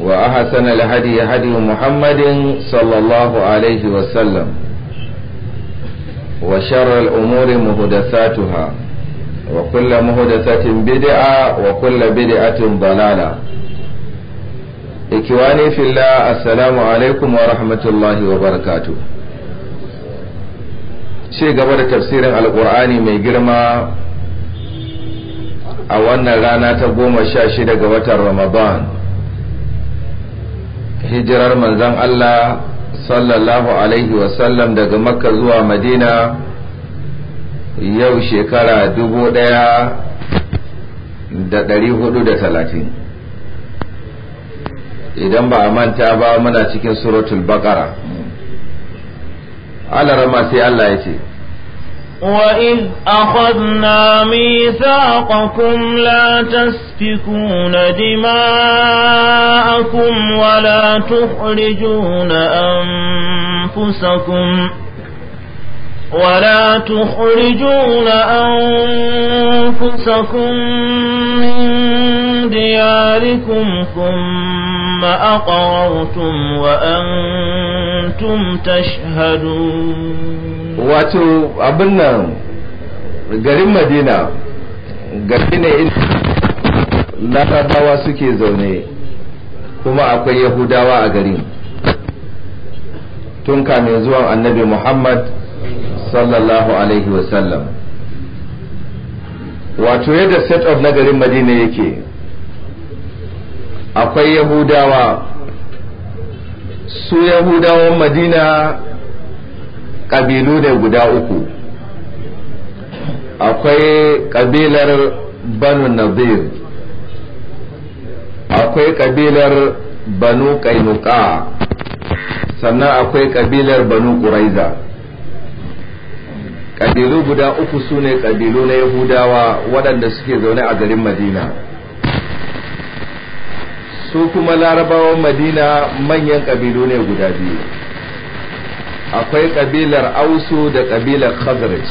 وأحسن الهدي هدي محمد صلى الله عليه وسلم وشر الأمور مهدثاتها وكل مهدثة بدعة وكل بدعة ضلالة إكواني في الله السلام عليكم ورحمة الله وبركاته شيء قبل تفسير القرآن من جرمى a wannan rana ta goma sha shida ga watan ramadan hijirar manzon Allah sallallahu alaihi wasallam daga makka zuwa madina yau shekara dubu ɗaya da dari hudu da talatin idan ba a manta ba muna cikin suratul baqara alarama sai Allah ya ce وإذ أخذنا ميثاقكم لا تسفكون دماءكم ولا تخرجون أنفسكم ولا تخرجون أنفسكم من دياركم ثم أقررتم وأنتم تشهدون wato abin nan garin madina gari ne larabawa suke zaune kuma akwai yahudawa a garin tun kamin zuwan annabi muhammad sallallahu alaihi wasallam wato yadda set of na garin madina yake akwai yahudawa su yahudawan madina ƙabilu ne guda uku akwai ƙabilar banu nazir akwai ƙabilar banu kainuka sannan akwai ƙabilar banu ƙuraiza ƙabilu guda uku su ne ƙabilu na yahudawa waɗanda suke zaune a garin madina su kuma larabawan madina manyan ƙabilu ne guda biyu akwai kabilar ausu da kabilar khazraj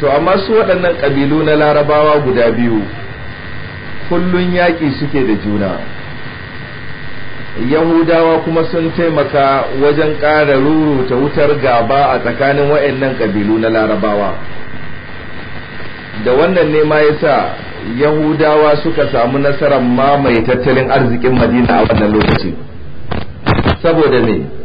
to amma su waɗannan kabilu na larabawa guda biyu kullun yaƙi suke da juna yahudawa kuma sun taimaka wajen ƙara ruruta wutar gaba a tsakanin waɗannan kabilu na larabawa da wannan ne ma yasa yahudawa suka samu nasarar mamaye tattalin arzikin madina a wannan lokaci saboda ne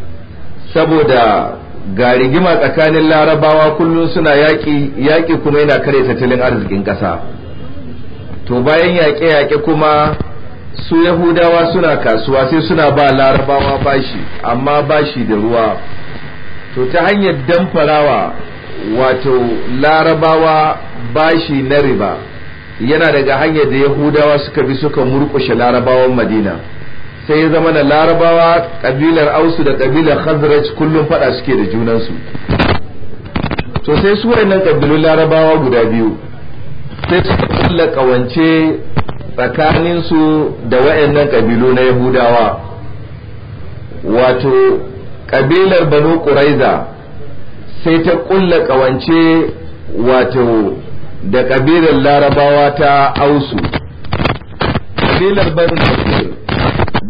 saboda ga rigima tsakanin larabawa kullum suna yaƙi yaƙi kuma yana kare tattalin arzikin ƙasa to bayan yaƙe-yaƙe kuma su yahudawa suna kasuwa sai suna ba larabawa bashi amma bashi da ruwa to ta hanyar damfarawa wato larabawa bashi na riba yana daga hanyar da yahudawa suka bi suka murƙushe larabawan madina sai ya zama da larabawa kabilar ausu da kabilar khazraj kullum fada suke da junansu to sai su wayannan kabilun larabawa guda biyu sai su kulla kawance tsakaninsu da wayannan kabilu na yahudawa wato kabilar banu quraiza sai ta kulla kawance wato da kabilar larabawa ta ausu kabilar banu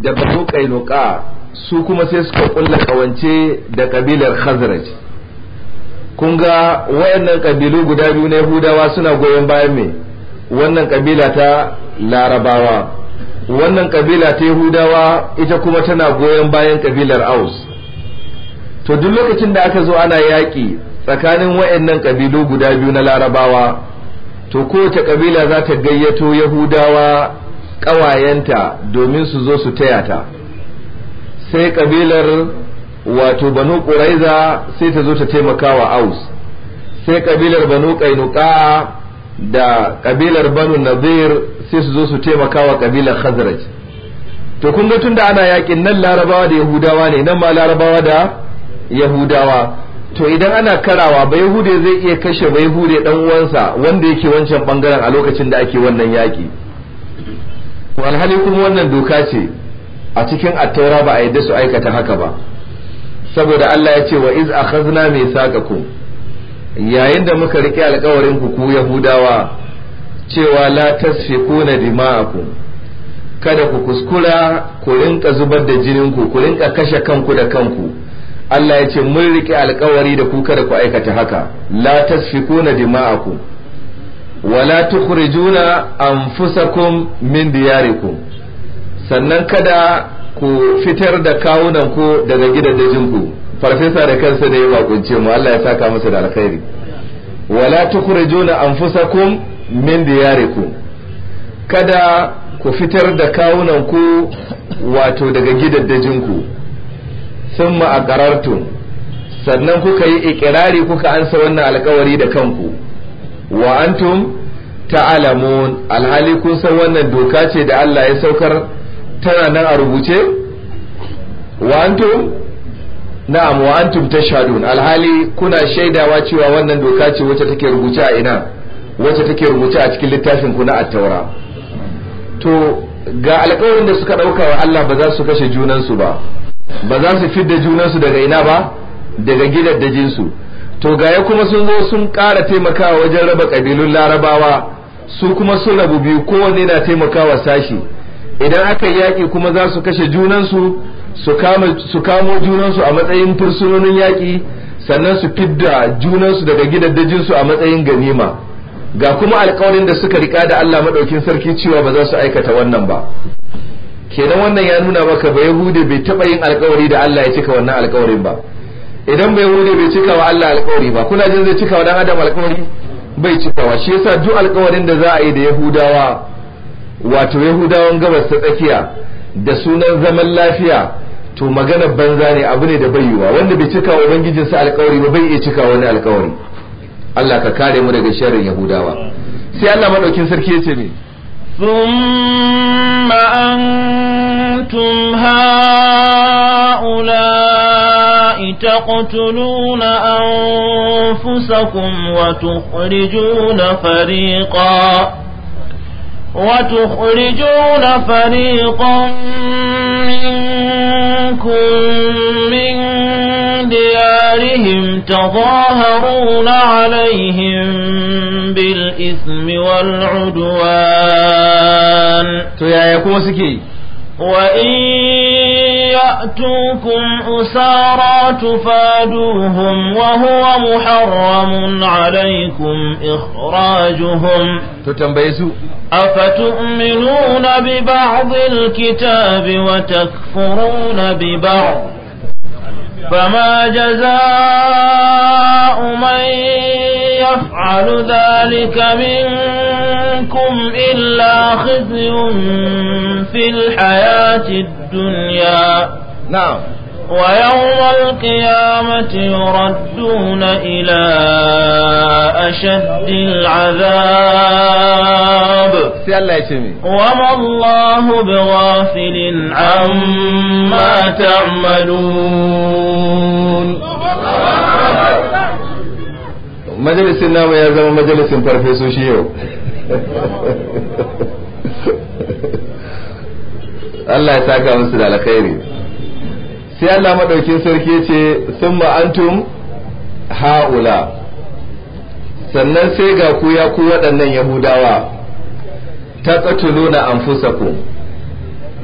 da banu kainuka su kuma sai suka kulla kawance da kabilar khazraj kun ga wayannan kabilu guda biyu na yahudawa suna goyon bayan me wannan kabila ta larabawa wannan kabila ta yahudawa ita kuma tana goyon bayan kabilar aus to duk lokacin da aka zo ana yaƙi tsakanin wayannan kabilu guda biyu na larabawa to kowace kabila za ta gayyato yahudawa ƙawayenta domin su zo su taya ta sai ƙabilar wato banu ƙuraiza sai ta zo ta taimaka wa aus sai ƙabilar banu ƙainuka da ƙabilar banu nazir sai su zo su taimaka wa ƙabilar khazraj to kun ga tunda ana yakin nan larabawa da yahudawa ne nan ma larabawa da yahudawa to idan ana karawa ba yahude zai iya kashe ba yahude dan uwansa wanda yake wancan bangaren a lokacin da ake wannan yaki walhali kuma wannan doka ce a cikin attaura ba a yadda su aikata haka ba saboda Allah ya ce wa iz akhazna ku yayin da muka rike alƙawarin ku ku yahudawa cewa la tasfikuna dima'akum kada ku kuskura ku rinka zubar da jinin ku ku rinka kashe kanku da kanku Allah ya ce mun rike alkawari da ku kada ku aikata haka la tasfikuna dima'akum wala tukhrijuna anfusakum min diyarikum sannan kada ku fitar da kawunan ku daga gidajen ku farfesa da kansa ne ya kunce mu Allah ya saka masa da alkhairi wala tukhrijuna anfusakum min diyarikum kada ku fitar da kawunan ku wato daga gidajen ku summa aqarartum sannan kuka yi ikirari kuka ansa wannan alkawari da kanku wa antum ta'lamun alhali kun san wannan doka ce da Allah ya saukar tana nan a rubuce wa antum na'am wa antum tashhadun alhali kuna shaidawa cewa wannan doka ce wacce take rubuce a ina wacce take rubuce a cikin littafin ku na at-taura to ga alƙawarin da suka ɗauka wa Allah ba za su kashe junansu ba ba za su fidda junansu daga ina ba daga gidan su to gaya kuma sun zo sun ƙara taimakawa wajen raba ƙabilun larabawa su kuma sun rabu biyu kowanne na taimakawa sashi idan aka yaƙi kuma za su kashe junansu su kamo junansu a matsayin fursunonin yaƙi sannan su fidda junansu daga gidaddajinsu a matsayin ganima ga kuma alkawarin da suka riƙa da Allah maɗaukin sarki cewa ba za su aikata wannan ba kenan wannan ya nuna maka ba yahude bai taɓa yin alkawari da Allah ya cika wannan alkawarin ba idan bai wuce bai cika wa Allah alƙawari ba kuna jin zai cika wa dan adam alƙawari bai cikawa shi yasa duk alƙawarin da za a yi da Yahudawa wato Yahudawan gabas ta tsakiya da sunan zaman lafiya to magana banza ne abu ne da bai yiwa wanda bai cika wa ubangijinsa alƙawari ba bai iya cika wani alƙawari Allah ka kare mu daga sharrin Yahudawa sai Allah madaukin sarki ya ce me ثم أنتم هؤلاء تقتلون أنفسكم وتخرجون فريقا وتخرجون فريقا منكم من ديارهم تظاهرون عليهم بالإثم والعدوان تو يا يكون سكي وإن يأتوكم أسارا تفادوهم وهو محرم عليكم إخراجهم تتنبيسوا أفتؤمنون ببعض الكتاب وتكفرون ببعض فما جزاء من يفعل ذلك منكم إلا خزي في الحياة الدنيا نعم ويوم القيامة يردون إلى أشد العذاب وما الله بغافل عما تعملون majalisin namu ya zama majalisin farfesoshi yau Allah ya saka musu da alkhairi sai Allah madaukin sarki ce summa antum haula sannan sai ga ku ya ku waɗannan yahudawa ta tsatuluna anfusakum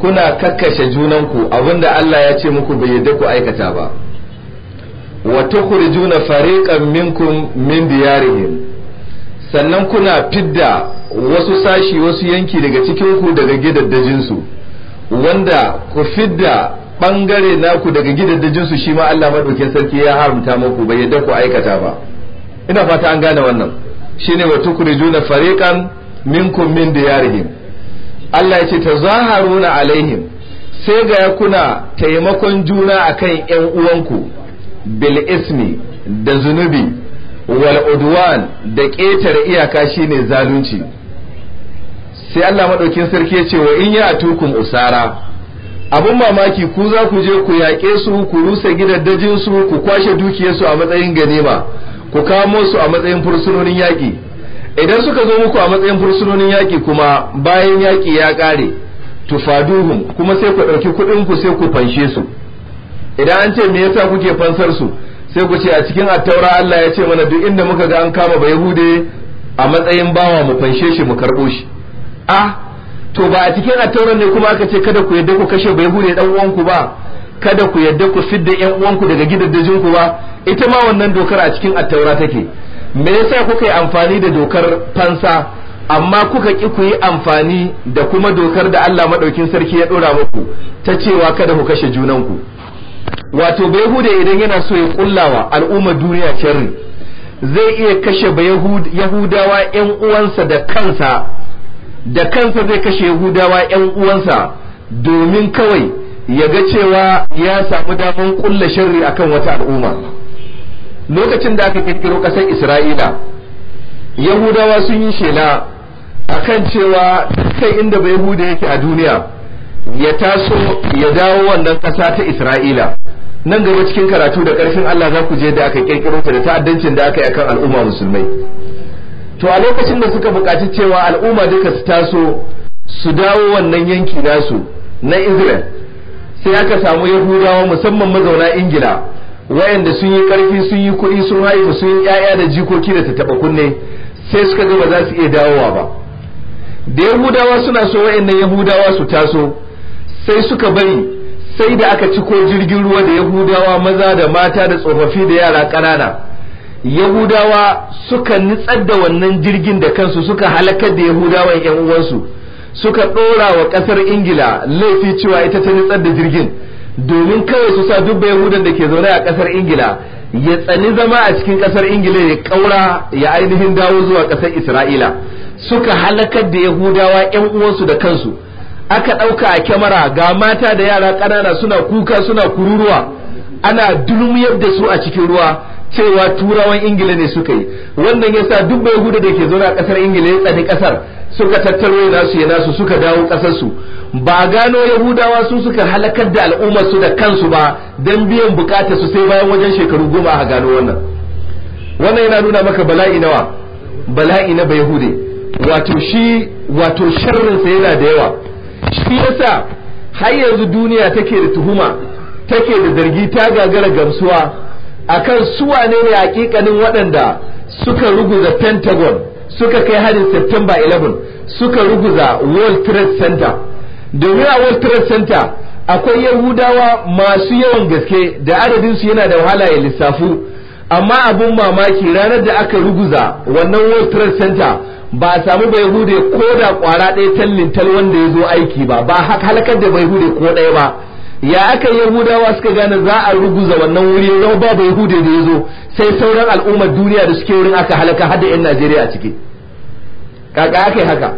kuna kakkashe junanku abinda Allah ya ce muku bai yadda ku aikata ba wa tukhrijuna fariqan minkum min diyarihim sannan kuna fidda wasu sashi wasu yanki daga cikinku daga gidaddajin wanda ku fidda bangare naku daga gidaddajin su ma Allah madaukin sarki ya haramta muku bai yadda ku aikata ba ina fata an gane wannan shine wa tukhrijuna fariqan minkum min diyarihim Allah ya ce tazaharuna alaihim sai ga ya kuna taimakon juna akan ƴan uwanku bil ismi da zunubi wal udwan da ƙetare iyaka shine zalunci sai Allah maɗaukin sarki ya ce wa in ya tukun usara abun mamaki ku za ku je ku yaƙe su ku rusa gidaddajin su ku kwashe dukiyarsu a matsayin ganima ku kamo su a matsayin fursunonin yaƙi idan suka zo muku a matsayin fursunonin yaƙi kuma bayan yaƙi ya ƙare tufaduhum kuma sai ku ɗauki kuɗinku sai ku fanshe su idan an ce me yasa kuke fansar su sai ku ce a cikin attaura Allah ya ce mana duk inda muka ga an kama ba yahude a matsayin bawa mu fanshe shi mu karbo shi A, to ba a cikin attaura ne kuma aka ce kada ku yadda ku kashe ba yahude dan uwanku ba kada ku yadda ku fidda yan uwanku daga gidaddajin ku ba ita ma wannan dokar a cikin attaura take me yasa kuka yi amfani da dokar fansa amma kuka ki ku yi amfani da kuma dokar da Allah madaukin sarki ya dora muku ta cewa kada ku kashe junanku wato bayahuda idan yana so ya kullawa al'ummar duniya sharri zai iya kashe yahudawa yan uwansa da kansa da kansa zai kashe yahudawa yan uwansa domin kawai ya ga cewa ya samu damar kulla sharri akan wata al'umma lokacin da aka kirkiro kasar isra'ila yahudawa sun yi shela akan cewa kai inda bai yake a duniya ya taso ya dawo wannan ƙasa ta Isra'ila nan gaba cikin karatu da ƙarfin Allah za ku je da aka kirkiro ta da ta'addancin da aka yi akan al'umma musulmai to a lokacin da suka buƙaci cewa al'umma duka su taso su dawo wannan yanki nasu na Israel sai aka samu Yahudawa musamman mazauna Ingila wayanda sun yi ƙarfi sun yi kuɗi sun haihu sun yi ƴaƴa da jikoki da ta taɓa kunne sai suka ga ba za su iya dawowa ba da Yahudawa suna so wayannan Yahudawa su taso sai suka bari sai da aka ciko jirgin ruwa da yahudawa maza da mata da tsofaffi da yara ƙanana yahudawa suka nitsar da wannan jirgin da kansu suka halakar da yahudawan yan uwansu suka ɗora wa ƙasar ingila laifi cewa ita ta nitsar da jirgin domin kawai su sa dubba yahudan da ke zaune a ƙasar ingila ya tsani zama a cikin ƙasar ingila ya ƙaura ya ainihin dawo zuwa ƙasar isra'ila suka halakar da yahudawa yan uwansu da kansu aka ɗauka a kyamara ga mata da yara ƙanana suna kuka suna kururuwa ana dulmiyar da su a cikin ruwa cewa turawan ingila ne suka yi wannan ya sa duk bai da ke zaune a ƙasar ingila ya tsani ƙasar suka tattaro nasu ya nasu suka dawo ƙasarsu ba gano yahudawa su suka halakar da al'ummar su da kansu ba don biyan bukatar su sai bayan wajen shekaru goma a gano wannan wannan yana nuna maka bala'i nawa bala'i na bai wato shi wato sharrinsa yana da yawa shi yasa har yanzu duniya take da tuhuma take da zargi ta gagara gamsuwa akan su wane ne hakikanin waɗanda suka ruguza pentagon suka kai harin september 11 suka ruguza world trade center domin a world trade center akwai yahudawa masu yawan gaske da adadinsu yana da wahala ya lissafu amma abin mamaki ranar da aka ruguza wannan world trade center ba a samu bai hude ko da kwara ɗaya tallintal wanda ya zo aiki ba ba halakar da bai hude ko ɗaya ba ya aka yahudawa suka gane za a ruguza wannan wuri zama ba bai hude da ya zo sai sauran al'ummar duniya da suke wurin aka halaka har da 'yan najeriya a ciki kaka aka yi haka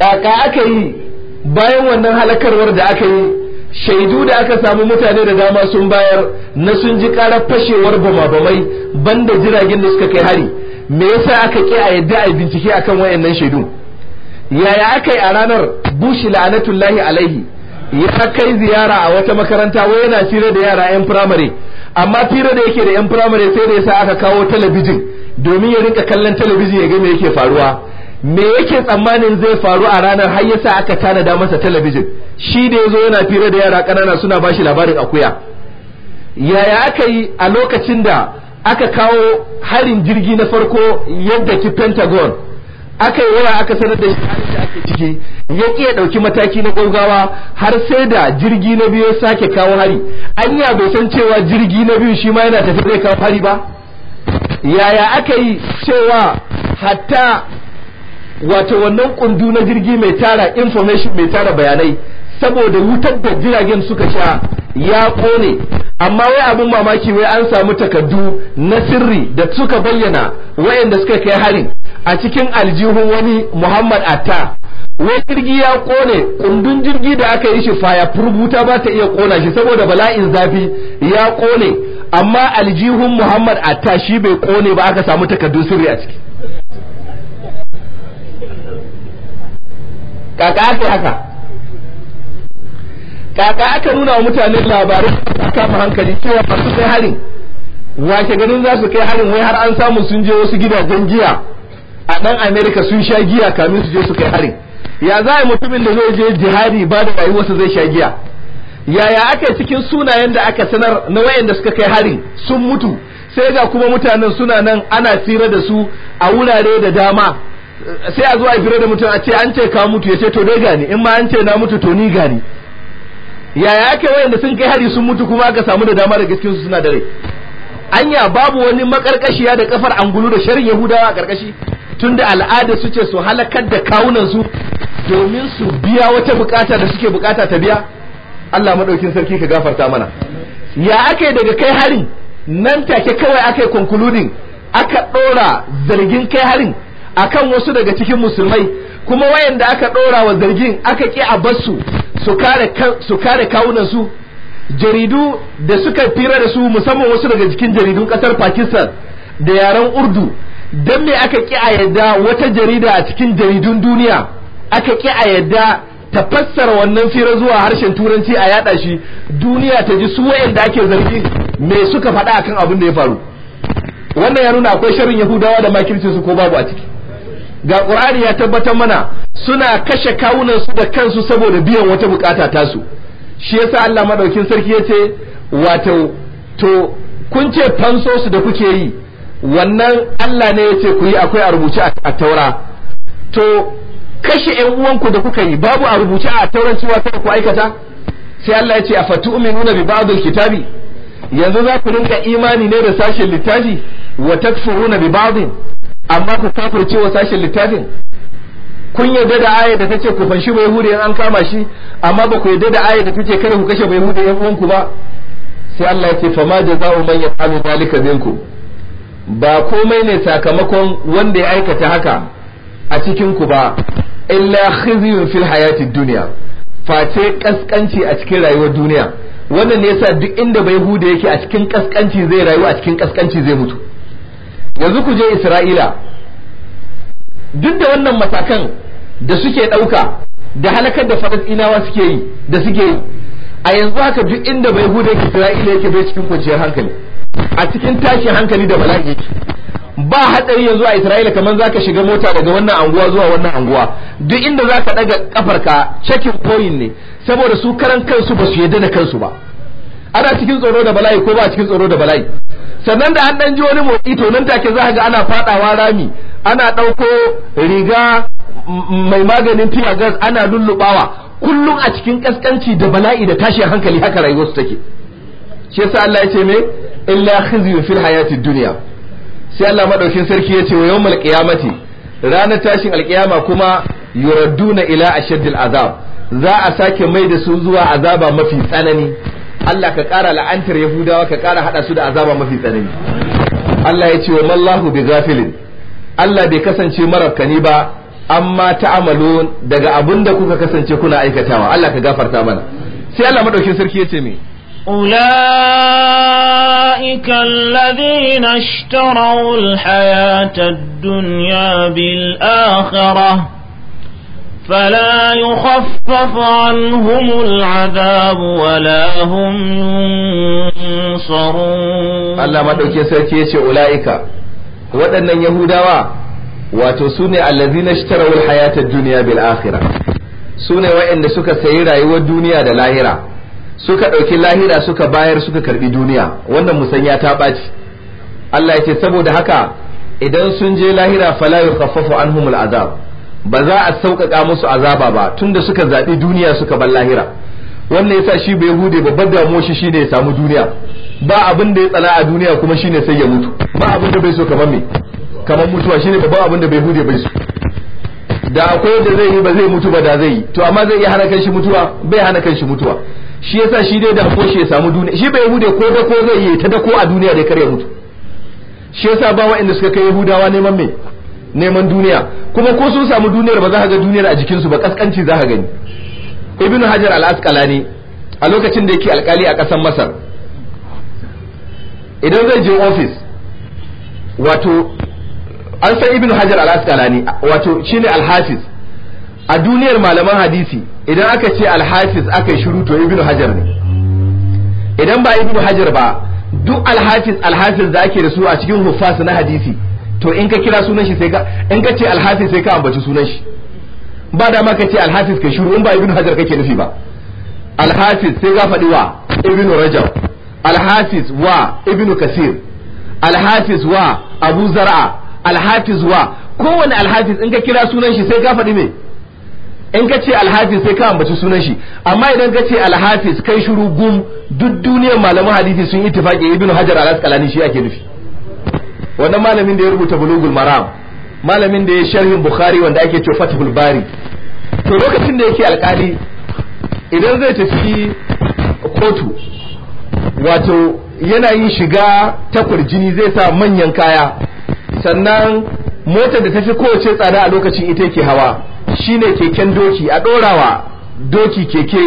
kaka aka yi bayan wannan halakarwar da aka yi shaidu da aka samu mutane da dama sun bayar na sun ji karar fashewar bama-bamai banda jiragen da suka kai hari me yasa aka ki a yadda a bincike akan wayannan shaidu yaya aka yi a ranar bushi la'anatullahi alaihi ya kai ziyara a wata makaranta wai yana tsira da yara yan firamare amma tsira da yake da yan firamare sai da yasa aka kawo talabijin domin ya rinka kallon talabijin ya ga me yake faruwa me yake tsammanin zai faru a ranar har yasa aka tanada masa talabijin shi da yazo yana fira da yara kanana suna bashi labarin akuya yaya aka yi a lokacin da aka kawo harin jirgi na farko yadda ki pentagon aka yi waya aka sanar da shi da ake ciki ya ki ya ɗauki mataki na gaugawa har sai da jirgi na biyu ya sake kawo hari anya bai san cewa jirgi na biyu shi ma yana tafi zai kawo hari ba yaya aka yi cewa hatta wato wannan kundu na jirgi mai tara information mai tara bayanai saboda wutar da jiragen suka sha ya kone amma wai abin mamaki wai an samu takardu na sirri da suka bayyana wayanda suka kai harin a cikin aljihun wani Muhammad Atta wai jirgi ya kone kundun jirgi da aka yi shi faya furbuta ba ta iya kona shi saboda bala'in zafi ya kone amma aljihun Muhammad Atta shi bai kone ba aka samu takardun sirri a ciki kaka aka haka kaka aka nuna wa mutane labarin kama hankali cewa masu kai harin wace ganin za su kai harin wai har an samu sun je wasu gidajen giya a ɗan Amerika sun sha giya kamin su je su kai harin ya za a yi mutumin da zai je jihadi ba da wasu zai sha giya yaya aka cikin sunayen da aka sanar na wayanda suka kai harin sun mutu sai ga kuma mutanen suna nan ana tsira da su a wurare da dama sai a zuwa fira da mutum a ce an ce ka mutu ya ce to dai gani in ma an ce na mutu to ni gani yaya ke wayanda sun kai hari sun mutu kuma aka samu da dama da gaskin su suna da rai anya babu wani makarkashiya da kafar angulu da sharin yahudawa a karkashi tunda al'ada su ce su halakar da kawunan su domin su biya wata bukata da suke bukata ta biya Allah madaukin sarki ka gafarta mana ya ake daga kai harin nan take kawai aka yi concluding aka dora zargin kai harin akan wasu daga cikin musulmai kuma wayanda aka ɗora wa zargin aka ki a basu su kare kawunan su jaridu da suka fira da su musamman wasu daga cikin jaridun ƙasar pakistan da yaren urdu don me aka ki a yadda wata jarida a cikin jaridun duniya aka ki a yadda ta fassara wannan fira zuwa harshen turanci a yada shi duniya ta ji su wayanda ake zargi me suka faɗa akan abin da ya faru wannan ya nuna akwai sharrin yahudawa da makirci su ko babu a ciki ga ƙur'ani ya tabbatar mana suna kashe kawunansu da kansu saboda biyan wata bukata tasu shi yasa Allah maɗaukin sarki yace wato to kun ce fanso da kuke yi wannan Allah ne yace ku yi akwai a rubuce a taura to kashe ƴan uwanku da kuka yi babu a rubuce a tauran cewa kada ku aikata sai Allah yace afatu'minuna bi ba'dil kitabi yanzu za ku rinka imani ne da sashen littafi wa takfuruna bi ba'din amma ku kafirce wa sashen littafin kun yarda da ayar da tace ku fanshi bai hude in an kama shi amma ba ku yarda da ayar da tace kada ku kashe bai hude yan uwanku ba sai Allah yake ce fama jaza'u man yaf'alu zalika minkum ba komai ne sakamakon wanda ya aikata haka a cikin ku ba illa khizyun fil hayati dunya face kaskanci a cikin rayuwar duniya wannan ne yasa duk inda bai hude yake a cikin kaskanci zai rayu a cikin kaskanci zai mutu yanzu ku je isra'ila duk da wannan matakan da suke ɗauka da halakar da falasɗinawa suke yi da suke yi a yanzu haka duk inda bai hude isra'ila yake bai cikin kwanciyar hankali a cikin tashin hankali da bala'i ba hatsari yanzu a isra'ila kamar zaka shiga mota daga wannan anguwa zuwa wannan anguwa duk inda zaka ɗaga kafarka checking point ne saboda su karan kansu ba su yarda da kansu ba ana cikin tsoro da bala'i ko ba cikin tsoro da bala'i sannan da an dan ji wani motsi to nan take za ga ana fadawa rami ana ɗauko riga mai maganin tiya gas ana lullubawa kullum a cikin kaskanci da bala'i da tashi hankali haka rayuwarsu take shi yasa Allah ya ce me illa khizyun fil hayati dunya sai Allah madaukin sarki ya ce wa yawmal qiyamati ranar tashin alkiyama kuma yuraduna ila ashaddil azab za a sake mai da su zuwa azaba mafi tsanani Allah ka ƙara la'antar Yahudawa ka ƙara haɗa su da azaba mafi tsanani Allah ya ce wa mallahu bi ghafilin Allah bai kasance marafkani ba amma ta'amalu daga abin da kuka kasance kuna aikatawa Allah ka gafarta mana sai Allah madaukin sarki ya ce me أولئك الذين اشتروا الحياة bil بالآخرة فلا يخفف عنهم العذاب ولا هم ينصرون الله ما دوke sarki yace ulaika waɗannan yahudawa wato sune allazina ishtaraw alhayata ad duniya bil akhirah sune waɗanda suka sayi rayuwar duniya da lahira suka ɗauki lahira suka bayar suka karɓi duniya wannan musanya ta ɓaci Allah ya saboda haka idan sun je lahira fala yukhaffafu anhum azab. ba za a sauƙaƙa musu azaba ba tunda suka zaɓi duniya suka bar lahira wannan yasa shi bai hude babbar damuwar shi shine ya samu duniya ba abin da ya tsala a duniya kuma shine sai ya mutu ba abin da bai so kamar me kamar mutuwa shine babban abin da bai hude bai so da akwai da zai yi ba zai mutu ba da zai yi to amma zai iya hana kan shi mutuwa bai hana kan shi mutuwa shi yasa shi dai da ko shi ya samu duniya shi bai hude ko da ko zai yi ta da ko a duniya dai kar ya mutu shi yasa ba inda suka kai yahudawa neman me neman duniya kuma ko sun samu duniyar ba za ka ga duniyar a jikinsu ba kaskanci za ka gani ibnu hajar al-asqalani a lokacin da yake alkali a kasar masar idan zai je ofis wato an san ibnu hajar al-asqalani wato shine al-hafiz a duniyar malaman hadisi idan aka ce al-hafiz aka yi shiru to ibnu hajar ne idan ba ibnu hajar ba duk al-hafiz al-hafiz da ake da su a cikin huffas na hadisi to in ka kira sunan shi sai ka in ka ce alhafiz sai ka ambaci sunan shi ba da ma ka ce alhafiz ka shiru in ba ibnu hajar kake nufi ba alhafiz sai ka faɗi wa ibnu rajab alhafiz wa ibnu kasir alhafiz wa abu zar'a alhafiz wa kowane alhafiz in ka kira sunan shi sai ka faɗi me in ka ce alhafiz sai ka ambaci sunan shi amma idan ka ce alhafiz kai shiru gum duk duniyar malaman hadisi sun yi ittifaqi ibnu hajar al-asqalani shi ake nufi wannan malamin da ya rubuta bulugul maram malamin da ya sharhin bukhari wanda ake cewa fathul bari to lokacin da yake alkali idan zai tafi kotu wato yana yin shiga ta kurjini zai sa manyan kaya sannan motar da tafi kowace tsada a lokacin ita ke hawa shine keken doki a dorawa doki keke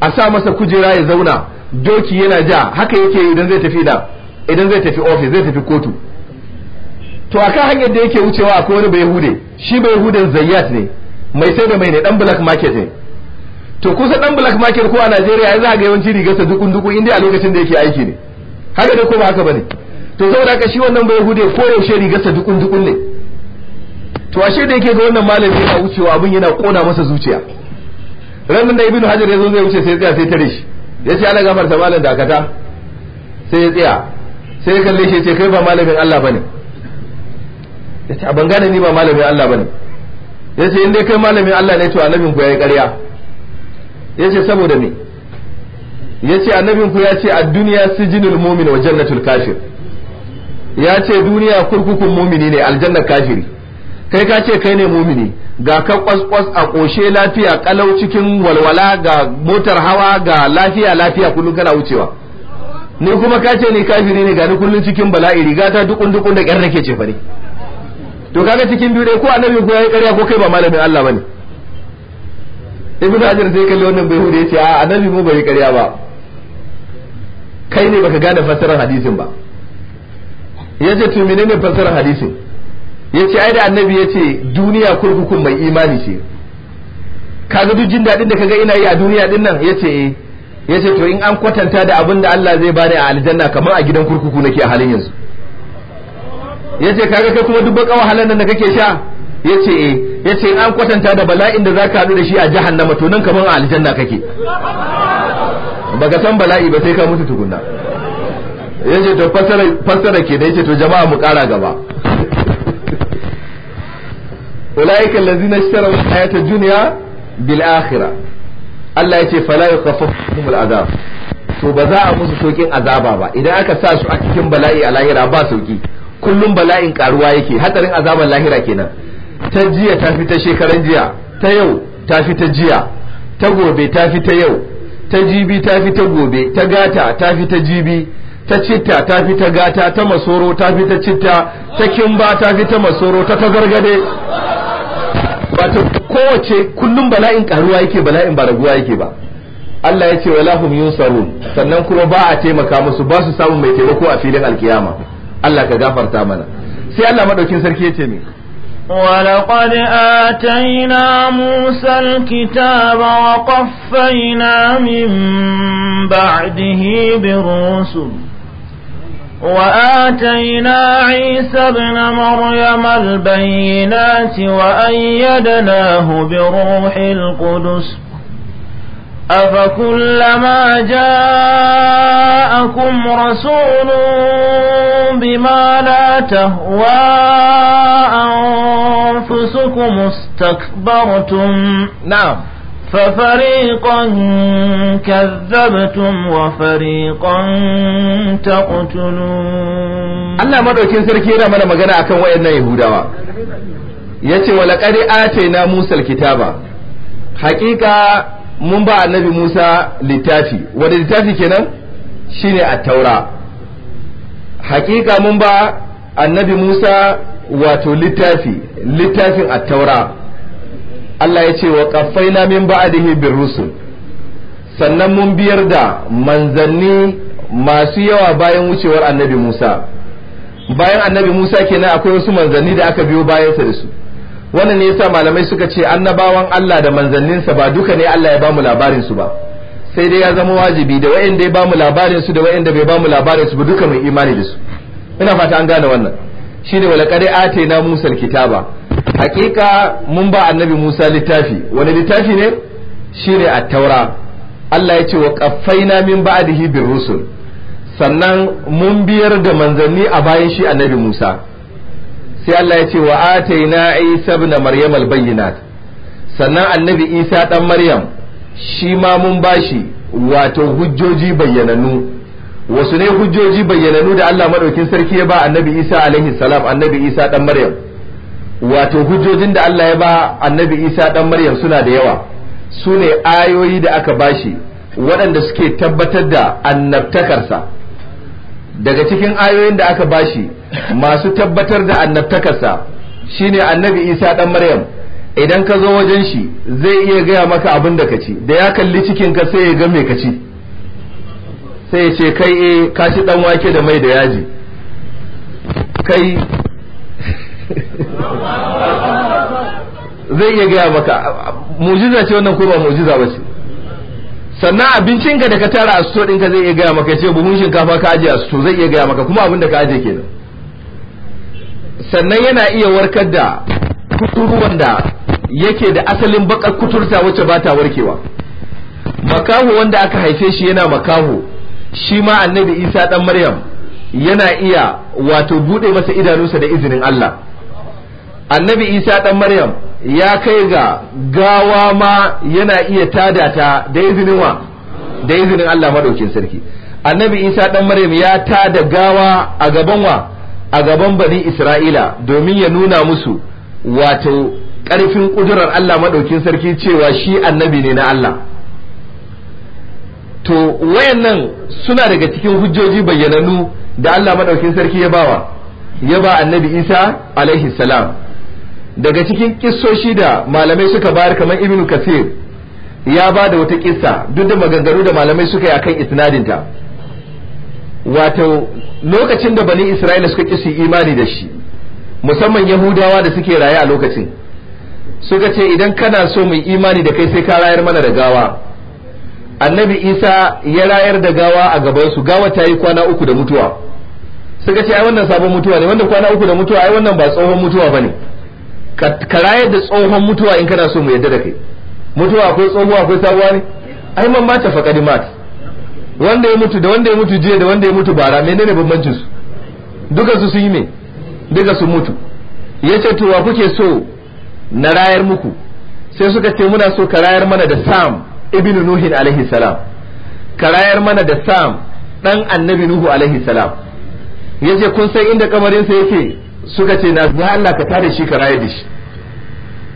a sa masa kujera ya zauna doki yana ja haka yake idan zai tafi da idan zai tafi ofis zai tafi kotu to a kan hanyar da yake wucewa akwai wani hude shi bai hude zayyat ne mai sai da mai ne dan black market ne to kusa dan black market ko a Najeriya ya za ga yawanci rigarsa dukun dukun inda a lokacin da yake aiki ne haka da ko ba haka bane to saboda haka shi wannan bai hude ko yaushe rigarsa dukun dukun ne to ashe da yake ga wannan malami yana wucewa abin yana kona masa zuciya ranan da ibnu hajar ya zo zai wuce sai tsaya sai tare shi ya ce ana gafarta malam dakata sai ya tsaya sai ya kalle shi ya ce kai ba malamin Allah bane ya ce ban gane ni ba malamin Allah bane ya ce inda kai malamin Allah ne to annabin ku yayi ƙarya ya ce saboda me ya ce annabin ku ya ce a duniya su sijinul mumin wa jannatul kafir ya ce duniya kurkukun mumini ne aljannar kafiri kai ka ce kai ne mumini ga ka kwaskwas a ƙoshe lafiya kalau cikin walwala ga motar hawa ga lafiya lafiya kullum kana wucewa ni kuma ka ce ni kafiri ne ga ni kullum cikin bala'i riga ta dukun dukun da ƙyar nake ce fari. to kaga cikin biyu dai ko annabi ko yayi ƙarya ko kai ba malamin Allah bane ibnu hajar sai kalli wannan bai hude yace a annabi mu bai ƙarya ba kai ne baka gane fasirar hadisin ba yace to menene fasirar hadisin yace ai da annabi yace duniya kurkukun mai imani ce kaga duk jin dadin da kaga ina yi a duniya din nan yace eh yace to in an kwatanta da abin da Allah zai bani a aljanna kamar a gidan kurkuku nake a halin yanzu yace kaga kai kuma duk baka wahalan nan da kake sha yace eh ya ce an kwatanta da bala'in da zaka haɗu da shi a jahannama to nan kaman a aljanna kake baka san bala'i ba sai ka mutu tukunna ce to fassara fassara ke da yace to jama'a mu ƙara gaba ulaika allazina ishtaraw hayata dunya bil akhirah Allah ya ce fala yakhafuhum al azab to ba za a musu sokin azaba ba idan aka sa su a cikin bala'i a lahira ba sauki kullum bala'in karuwa yake hatsarin azaban lahira kenan ta jiya ta fi ta shekaran jiya ta yau ta fi ta jiya ta gobe ta fi ta yau ta jibi ta fi ta gobe ta gata ta fi ta jibi ta citta ta fi ta gata ta masoro ta fi ta citta ta kimba ta fi ta masoro ta ta gargade wato kowace kullum bala'in karuwa yake bala'in baraguwa yake ba Allah ya ce wala hum yunsarun sannan kuma ba a taimaka musu ba su samu mai taimako a filin alkiyama Allah ka gafarta mana sai Allah madaukin sarki yace me ولقد آتينا موسى الكتاب وقفينا من بعده بالرسل وآتينا عيسى ابن مريم البينات وأيدناه بروح القدس أفكلما جاءكم رسول بما لا تهوى أنفسكم استكبرتم نعم ففريقا كذبتم وفريقا تقتلون الله ما دوكين سركينا yana mana magana akan يهودا yahudawa yace walaqad موسى الكتابة alkitaba mun ba annabi Musa littafi wani littafi kenan shine at-taura hakika mun ba annabi Musa wato littafi littafin at-taura Allah ya ce wa qaffaina min ba'dihi bir rusul sannan mun biyar da manzanni masu yawa bayan wucewar annabi Musa bayan annabi Musa kenan akwai wasu manzanni da aka biyo bayansa da su wannan ne yasa malamai suka ce annabawan Allah da manzanninsa ba duka ne Allah ya bamu labarin su ba sai dai ya zama wajibi da wayanda ya bamu labarin su da wayanda bai bamu labarin su ba duka mai imani da su ina fata an gane wannan shine wala ate na musa kitaba? hakika mun ba annabi musa littafi wani littafi ne shine at-taura Allah ya ce wa qaffaina min ba'dihi bir rusul sannan mun biyar da manzanni a bayan shi annabi musa sai Allah ya ce wa ataina Isa ibn Maryam al-bayyinat sannan annabi Isa dan Maryam shi ma mun bashi wato hujjoji bayyananu wasu ne hujjoji bayyananu da Allah madaukin sarki ya ba annabi Isa alaihi salam annabi Isa dan Maryam wato hujjojin da Allah ya ba annabi Isa dan Maryam suna da yawa sune ayoyi da aka bashi waɗanda suke tabbatar da annabtakarsa daga cikin ayoyin da aka bashi masu tabbatar da annabtakarsa shine annabi isa dan maryam idan ka zo wajen shi zai iya gaya maka abin da ka ci da ya kalli cikin ka sai ya ga me ka ci sai ya ce kai eh ka ci dan wake da mai da yaji kai zai iya gaya maka mujiza ce wannan ko ba mujiza ba ce sannan abincin ka da ka tara a sto ka zai iya gaya maka ce buhun shinkafa ka ajiye a sto zai iya gaya maka kuma abin da ka ajiye kenan sannan yana iya warkar da kuturuwan da yake da asalin bakar kuturta wacce ba ta warkewa makaho wanda aka haife shi yana makaho shi ma annabi isa dan maryam yana iya wato bude masa idanunsa da izinin allah annabi isa dan maryam ya kai ga gawa ma yana iya tada ta da izinin wa da izinin Allah madaukin sarki annabi isa dan maryam ya tada gawa a gaban wa a gaban bani isra'ila domin ya nuna musu wato ƙarfin ƙudurar Allah madaukin sarki cewa shi annabi ne na Allah to wayannan suna daga cikin hujjoji bayyananu da Allah madaukin sarki ya bawa ya ba annabi isa alaihi salam daga cikin kissoshi da malamai suka bayar kamar ibn kasir ya ba da wata kissa duk da maganganu da malamai suka yi akan isnadinta wato lokacin da bani isra'ila suka kisi imani da shi musamman yahudawa da suke raye a lokacin suka ce idan kana so mu imani da kai sai ka rayar mana da gawa annabi isa ya rayar da gawa a gabansu gawa ta yi kwana uku da mutuwa suka ce ai wannan sabon mutuwa ne wanda kwana uku da mutuwa ai wannan ba tsohon mutuwa ba ne ka da tsohon mutuwa in kana so mu yadda da kai mutuwa akwai tsohuwa akwai sabuwa ne ai man mata faqadi mat wanda ya mutu da wanda ya mutu jiya da wanda ya mutu bara menene bambancin su duka su sun yi me duka su mutu yace to wa kuke so na rayar muku sai suka ce muna so ka rayar mana da Sam ibn Nuhin alaihi salam ka rayar mana da Sam dan annabi Nuhu alaihi salam yace kun san inda kamarin sa yake suka ce na ya Allah ka tare shi ka raye da shi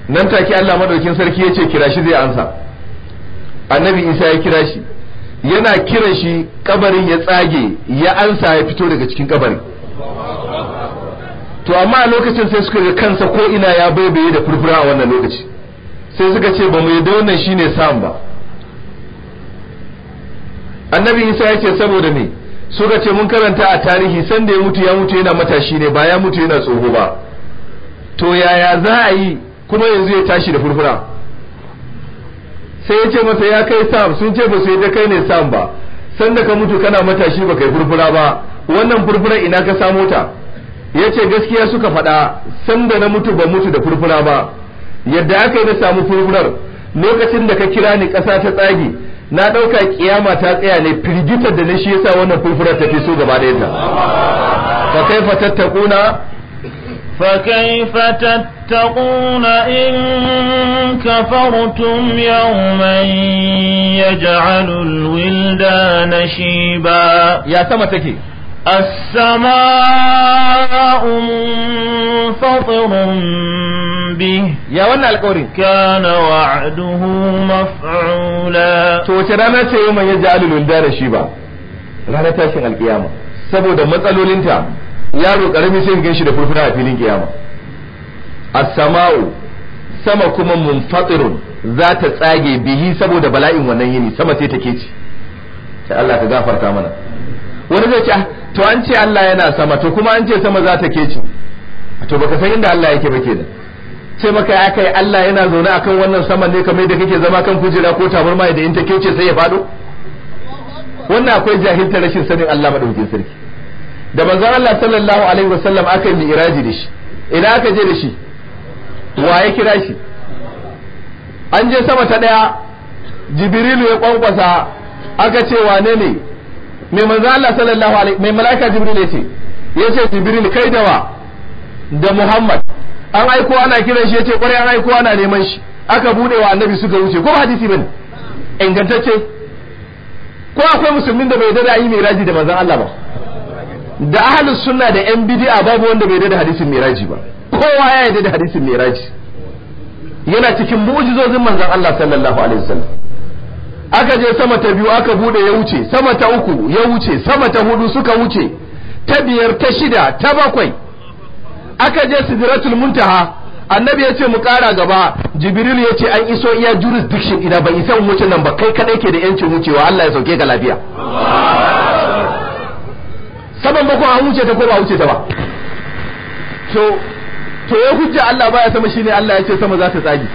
nan take Allah madaukin sarki ya ce kira shi zai ansa annabi Isa ya kira shi yana kiran shi kabarin ya tsage ya ansa ya fito daga cikin kabarin to amma a lokacin sai suka ga kansa ko ina ya baibaye da furfura a wannan lokaci sai suka ce ba mu yadda wannan shine sam ba annabi Isa ya ce saboda me suka ce mun karanta a tarihi sanda ya mutu ya mutu yana matashi ne ba ya mutu yana tsoho ba to yaya za a yi kuma yanzu ya tashi da furfura sai ya ce masa ya kai sam sun ce ba su yadda kai ne sam ba sanda ka mutu kana matashi ba kai furfura ba wannan furfura ina ka samo ta ya ce gaskiya suka faɗa sanda na mutu ba mutu da furfura ba yadda aka yi na samu furfurar lokacin da ka kira ni ƙasa ta tsagi na ɗauka kiyama ta tsaya ne firgitar da na shi yasa wannan furfurar ta fi so gaba da ta fa kaifa tattaquna fa kaifa tattaquna in kafartum yawman yaj'alu al shiba ya sama take السماء منفطر به يا وانا القوري كان وعده مفعولا to wace rana ce yau ya ji alulun da shi ba ranar tashin alƙiyama saboda matsalolinta yaro karami sai gan shi da furfura a filin kiyama as-sama'u sama kuma munfatirun za ta tsage bihi saboda bala'in wannan yini sama sai take ci sai Allah ka gafarta mana wani zai ce ah, to an ce Allah yana sama to kuma an ce sama za ta keci to baka san inda Allah yake ba kenan ce maka ya kai Allah yana zaune akan wannan saman ne kamar da kake zama kan kujera ko tabarma da in ta kece sai ya faɗo wannan akwai jahilta rashin sanin Allah madaukakin sarki da manzon Allah sallallahu alaihi wasallam aka yi mi'raji da shi ina aka je da shi wa ya kira shi an je sama ta daya jibrilu ya kwankwasa aka ce wane ne mai manzon Allah sallallahu alaihi mai malaika jibril ya ce ce jibril kai da wa da Muhammad an aiko ana kiran shi yace kwarai an aiko ana neman shi aka bude wa annabi suka wuce ko hadisi bane ingantacce ko akwai musulmin da bai yarda da yi miraji da manzon Allah ba da ahlus sunna da yan bid'a babu wanda bai dada hadisin miraji ba kowa ya yarda da hadisin miraji yana cikin mu'jizozin manzon Allah sallallahu alaihi wasallam aka je sama ta biyu aka bude ya wuce sama ta uku ya wuce sama ta hudu suka wuce ta biyar ta shida ta bakwai aka je sidratul muntaha annabi ya ce mu kara gaba jibril ya ce an iso iya jurisdiction ina ba isa wuce nan ba kai kadai ke da yancin wucewa Allah ya sauke ka lafiya saban bako an wuce ta ko ba wuce ta ba to to ya hujja Allah baya sama shine Allah ya ce sama za ta tsagi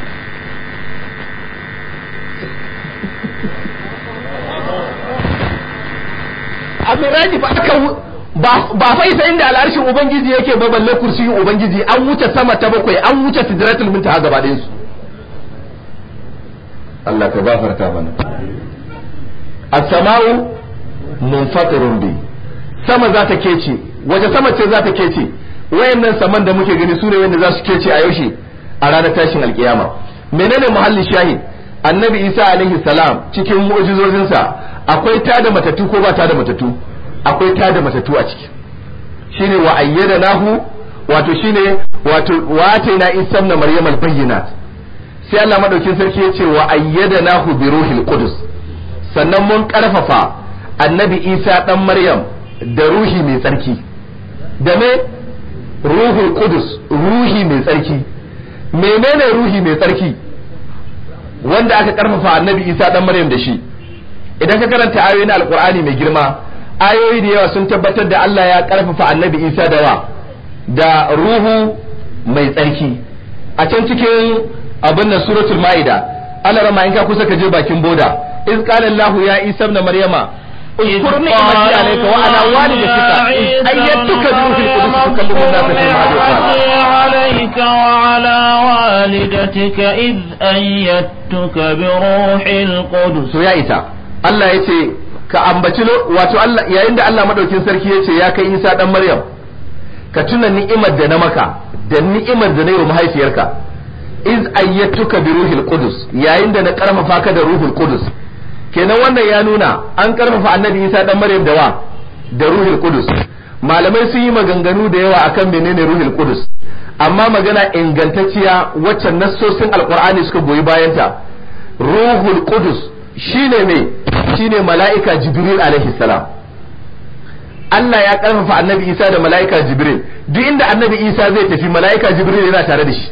a miraji ba aka ba fa isa inda al'arshin ubangiji yake ba balle kursi ubangiji an wuce sama ta bakwai an wuce sidratul muntaha gaba ɗayan Allah ka gafarta mana as-sama'u munfatirun bi sama za ta kece waje sama ce za ta kece wayannan saman da muke gani sune wanda za su kece a yaushe a ranar tashin alkiyama menene muhalli shahid annabi isa alaihi salam cikin mu'jizojinsa akwai ta da matatu ko ba ta da matatu? akwai tada matattu a ciki shine wa ayyada lahu wato shine wato wa ataina isa na maryam al bayyinat sai Allah madaukin sarki ya ce wa ayyada lahu bi ruhil qudus sannan mun karfafa annabi isa dan maryam da ruhi mai tsarki da me ruhul qudus ruhi mai tsarki menene ruhi mai tsarki wanda aka karfafa annabi isa dan maryam da shi idan ka karanta ayoyin alqur'ani mai girma ayoyi da yawa sun tabbatar da Allah ya karfafa annabi Isa da wa da ruhu mai tsarki a can cikin abin na suratul ma'ida Allah rama in ka kusa ka je bakin boda iz qala Allah ya Isa ibn Maryama اذكر نعمتي عليك وانا والدتك ايدتك بروح القدس تكلم الناس في المعاد عليك وعلى والدتك اذ ايدتك بروح القدس يا عيسى الله يتي ka ambaci wato Allah yayin da Allah madaukin sarki ya ce ya kai Isa dan Maryam ka tuna ni'imar da na maka da ni'imar da na yi wa mahaifiyarka iz ayyatuka bi ruhil qudus yayin da na karfafa ka da ruhul qudus kenan wannan ya nuna an karfafa annabi Isa dan Maryam da wa da ruhul qudus malamai sun yi maganganu da yawa akan menene ruhul qudus amma magana ingantacciya wacce nassosin alqur'ani suka goyi bayanta ruhul qudus shine ne shine mala'ika jibril alaihi salam Allah ya karfafa annabi Isa da mala'ika jibril duk inda annabi Isa zai tafi mala'ika jibril yana tare da shi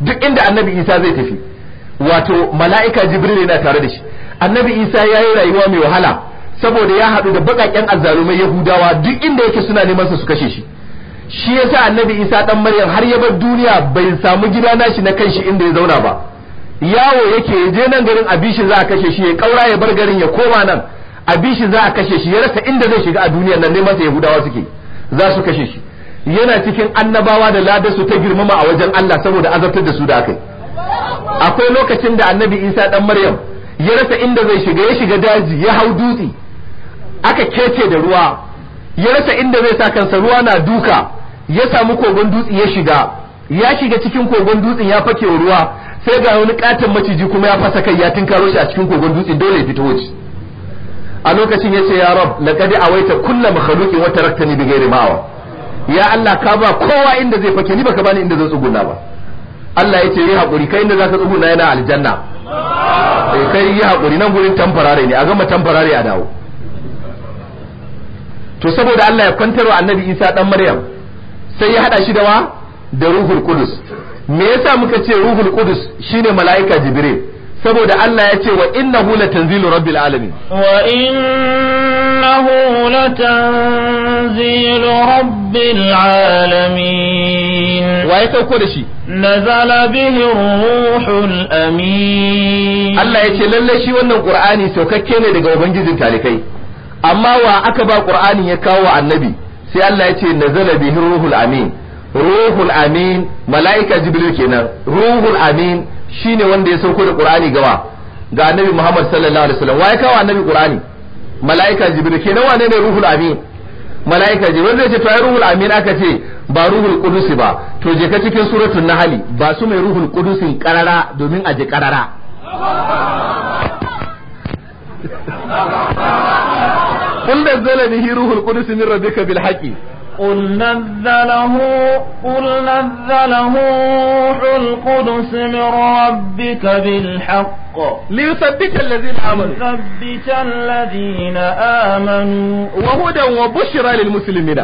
duk inda annabi Isa zai tafi wato mala'ika jibril yana tare da shi annabi Isa ya yi rayuwa mai wahala saboda ya haɗu da baƙaƙen azzalumai yahudawa duk inda yake suna neman su kashe shi shi yasa annabi Isa ɗan Maryam har ya bar duniya bai samu gida nashi na kanshi inda ya zauna ba yawo yake je nan garin Abishi za a kashe shi ya kaura ya bar garin ya koma nan Abishi za a kashe shi ya rasa inda zai shiga a duniyar nan neman sa yahudawa suke za su kashe shi yana cikin annabawa da su ta girmama a wajen Allah saboda azabtar da su da akai akwai lokacin da annabi isa dan maryam ya rasa inda zai shiga ya shiga daji ya hau dutse aka kece da ruwa ya rasa inda zai sa kansa ruwa na duka ya samu kogon dutse ya shiga ya shiga cikin kogon dutsen ya fake ruwa sai ga wani katon maciji kuma ya fasa kai ya tinkaro shi a cikin kogon dutse dole ya fito waje a lokacin ya ce ya rab laqad awaita kullu makhluqin wa taraktani bi ghairi mawa. ya Allah ka ba kowa inda zai fake ni baka bani inda zan tsuguna ba Allah ya ce yi hakuri kai inda zaka tsuguna yana aljanna eh kai yi hakuri nan gurin tamfarare ne a gama tamfarare a dawo to saboda Allah ya kwantar wa Annabi Isa dan Maryam sai ya hada shi da wa da Ruhul Qudus me yasa muka ce ruhul qudus shine malaika jibril saboda Allah ya ce wa innahu latanzilu rabbil alamin wa innahu latanzilu rabbil alamin wa ya sauko da shi nazala bihi ruhul amin Allah ya ce lalle shi wannan qur'ani saukakke ne daga ubangijin talikai amma wa aka ba qur'ani ya kawo annabi sai Allah ya ce nazala bihi ruhul amin ruhul amin mala'ika jibril kenan ruhul amin shine wanda ya sauko da qur'ani gaba ga annabi muhammad sallallahu alaihi wasallam wai kawo annabi qur'ani mala'ika jibril kenan wane ne ruhul amin mala'ika jibril wanda ce to ai ruhul amin aka ce ba ruhul qudusi ba to je ka cikin suratul nahl ba su mai ruhul qudusin karara domin a je karara kun da zalani ruhul qudusi min rabbika bil haqi قل نزله قل نزله روح القدس من ربك بالحق ليثبت الذين آمنوا ليثبت الذين آمنوا وهدى وبشرى للمسلمين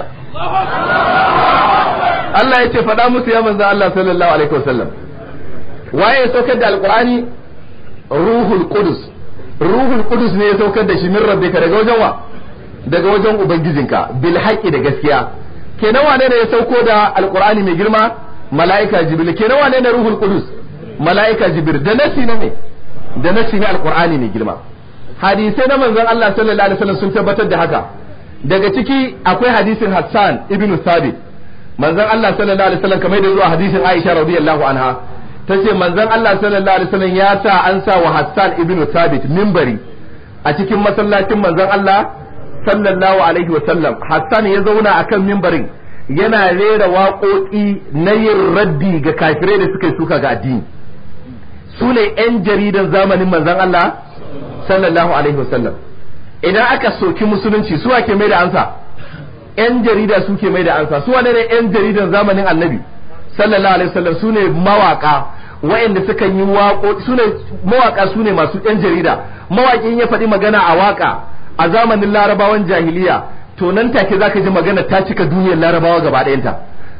الله يتفدى musu ya manzo Allah sallallahu alaihi wasallam waye ya saukar da alqur'ani ruhul qudus ruhul qudus ne ya saukar da shi min rabbika daga daga wajen ubangijinka bil haqqi da gaskiya Ke wane ne ya sauko da alqur'ani mai girma mala'ika jibril Ke wane ne ruhul qudus mala'ika jibril da nasi ne da nasi ne alqur'ani mai girma hadisai na manzon Allah sallallahu alaihi wasallam sun tabbatar da haka daga ciki akwai hadisin Hassan ibn Thabit manzon Allah sallallahu alaihi wasallam kamar da zuwa hadisin Aisha radiyallahu anha tace manzon Allah sallallahu alaihi wasallam ya sa an sa wa Hassan ibn Thabit minbari a cikin masallacin manzon Allah sallallahu alaihi wasallam Hassan ya zauna akan mimbarin yana rera waƙoƙi na yin raddi ga kafirai da suka yi suka ga addini su ne 'yan jaridan zamanin manzon Allah sallallahu alaihi wasallam idan aka soki musulunci su ake mai da ansa 'yan jarida su ke mai da ansa su wane ne 'yan jaridan zamanin annabi sallallahu alaihi wasallam su ne mawaka wa'anda suka yi waƙo su ne mawaka su ne masu 'yan jarida mawakin ya faɗi magana a waƙa a zamanin larabawan jahiliya to nan take zaka ji magana ta cika duniyar larabawa gaba ɗayanta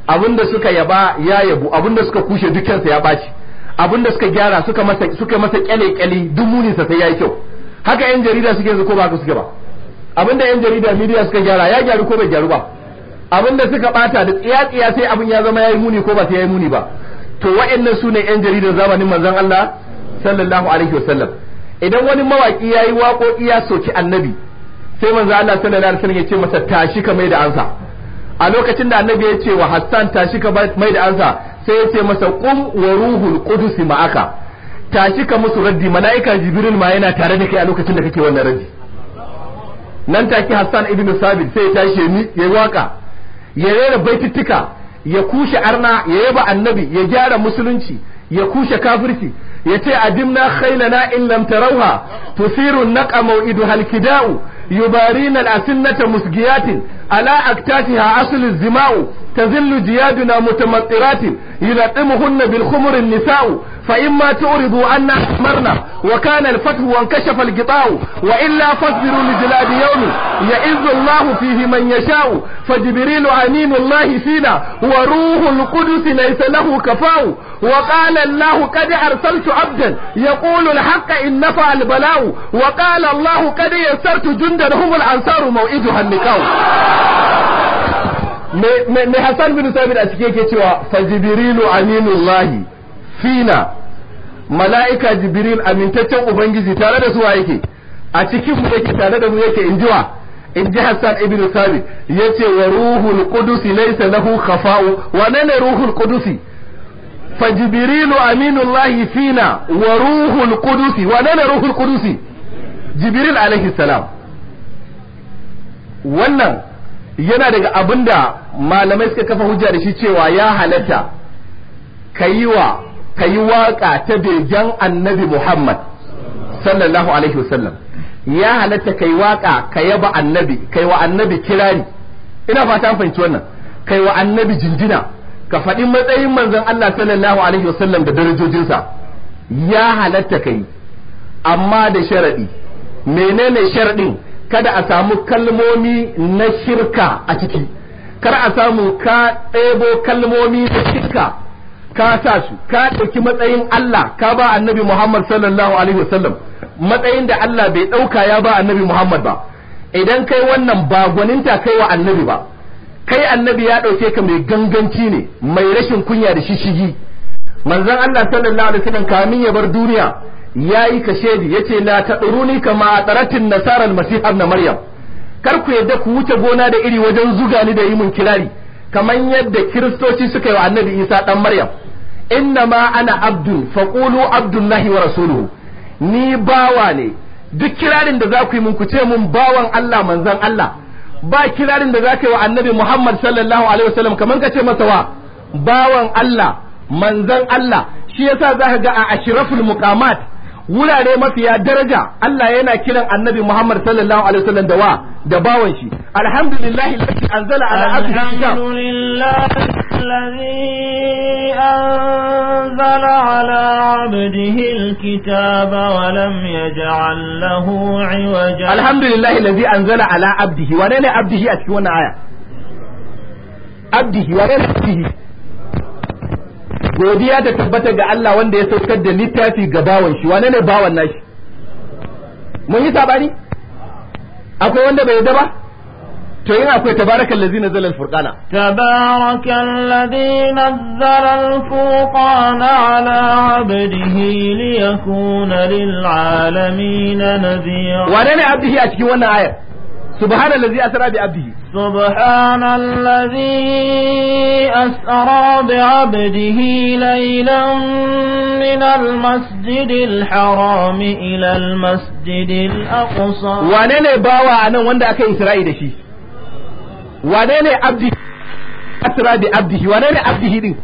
abinda suka yaba ya yabu abinda suka kushe sa ya baci abinda suka gyara suka masa suka masa kyale kyale duk muninsa sai yayi kyau haka yan jarida suke yanzu ko ba haka suke ba abinda yan jarida media suka gyara ya gyaru ko bai gyaru ba abinda suka bata da tsiya tsiya sai abin ya zama yayi muni ko ba sai yayi muni ba to wa'annan sune yan jaridan zamanin manzon Allah sallallahu alaihi wasallam idan wani mawaki ya yi waƙoƙi iya soki annabi sai manzo Allah sallallahu alaihi wasallam ya ce masa tashi ka mai da ansa a lokacin da annabi ya ce wa Hassan tashi ka mai da ansa sai ya ce masa qum wa ruhul qudus ma'aka tashi ka musu raddi mala'ika jibril ma yana tare da kai a lokacin da kake wannan raddi nan take Hassan ibn Sabit sai ya tashi ni ya waka ya rera baitittika ya kushe arna ya yaba annabi ya gyara musulunci ya kushe kafirci yace adimna khailana in lam tarawha tusiru naqa maw'idu halkida'u يبارين الأسنة مسجيات على أكتافها أصل الزماء تزل جيادنا متمطرات يلطمهن بالخمر النساء فإما تعرضوا أن أحمرنا وكان الفتح وانكشف القطاع وإلا فاصبروا لجلاد يوم يئذ الله فيه من يشاء فجبريل أمين الله فينا وروح القدس ليس له كفاء وقال الله قد أرسلت عبدا يقول الحق إن نفع البلاء وقال الله قد يسرت جنة indahum humul ansaru maw'iduha liqaw me me Hassan bin sabir a cike yake cewa fa jibrilu aminullahi fina mala'ika jibril amintaccen ubangiji tare da su yake a cikin mu yake tare da mu yake injiwa in ji Hassan ibn sabir yace wa ruhul qudusi laysa lahu khafa'u wa nana ruhul qudusi fa jibrilu aminullahi fina wa ruhul qudusi wa nana ruhul qudusi jibril alaihi salam wannan yana daga abinda malamai suka kafa hujja da shi cewa ya halatta ka yi wa ka yi ta begen annabi Muhammad sallallahu alaihi wasallam ya halatta kai waka ka yaba annabi kayi wa annabi kirari ina fata an fahimci wannan kayi wa annabi jinjina ka faɗi matsayin manzon Allah sallallahu alaihi wasallam da darajojinsa ya halatta kai amma da sharaɗi menene sharaɗin kada a samu kalmomi na shirka a ciki kada a samu ka ɗebo kalmomi na shirka ka sa su ka ɗauki matsayin Allah ka ba annabi Muhammad sallallahu alaihi wasallam matsayin da Allah bai ɗauka ya ba annabi Muhammad ba idan kai wannan ba gwaninta kai wa annabi ba kai annabi ya ɗauke ka mai ganganci ne mai rashin kunya da shishigi manzon Allah sallallahu alaihi wasallam kamin ya bar duniya ya yi kashedi ya ce na taɗa runi kama a tsaratin nasarar masihar na maryam kar ku yadda ku wuce gona da iri wajen zuga ni da yi mun kirari kamar yadda kiristoci suka yi wa annabi isa ɗan maryam inna ma ana abdun faƙulu nahi wa rasuluhu ni bawa ne duk kirarin da za ku yi mun ku ce mun bawan Allah manzan Allah ba kirarin da za ka yi wa annabi Muhammad sallallahu alaihi wasallam kamar ka ce masa wa bawan Allah manzan Allah shi yasa za ka ga a ashraful muqamat wurare mafiya daraja Allah yana kiran annabi Muhammad sallallahu alaihi wasallam da wa da bawan shi alhamdulillahi alladhi anzala ala abdihi alladhi anzala ala abdihi alkitaba wa lam yaj'al lahu 'iwaja alhamdulillahi alladhi anzala ala abdihi wa ne abdihi a cikin wannan aya abdihi wa ne abdihi godiya ta tabbata ga Allah wanda ya saukar da littafi ga bawan shi wane ne bawan nashi mun yi sabani akwai wanda bai yadda ba to yin akwai tabarakan lazi na zalar furkana tabarakan lazi na zalar furkana ala 'abdihi liyakuna na nadhira wane ne abdihi a cikin wannan ayar subhanallazi asra bi abdihi سبحان الذي أسرى بعبده ليلا من المسجد الحرام إلى المسجد الأقصى وانيني باوا أنا واندا أكا إسرائي دشي وانيني عبده أسرى بعبده وانيني عبده دي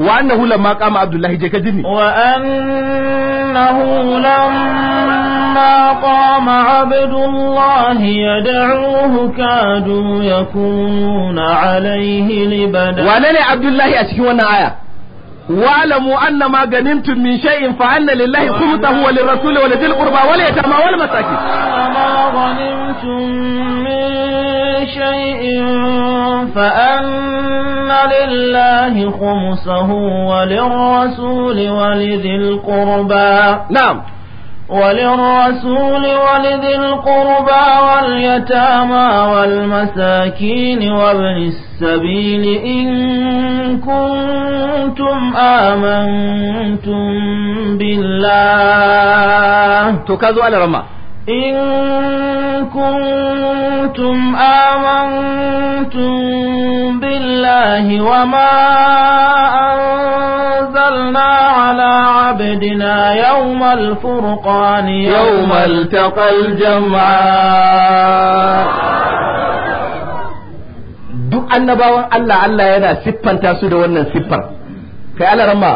wa annahu lamma qama abdullahi je ka jini wa annahu lamma qama abdullahi yad'uhu kadu yakuna alayhi libada wa ne abdullahi a cikin wannan aya واعلموا ان ما غنمتم من شيء فان لله خمسه وللرسول ولذي القربى واليتامى والمساكين ما غنمتم من شيء فأن لله خمسه وللرسول ولذي القربى نعم وللرسول ولذي القربى واليتامى والمساكين وابن السبيل إن كنتم آمنتم بالله تكذوا على رمى إن كنتم آمنتم بالله وما أنزلنا على عبدنا يوم الفرقان يوم التقى الجمعان duk annabawan Allah Allah yana siffanta su da wannan siffar kai Allah ramma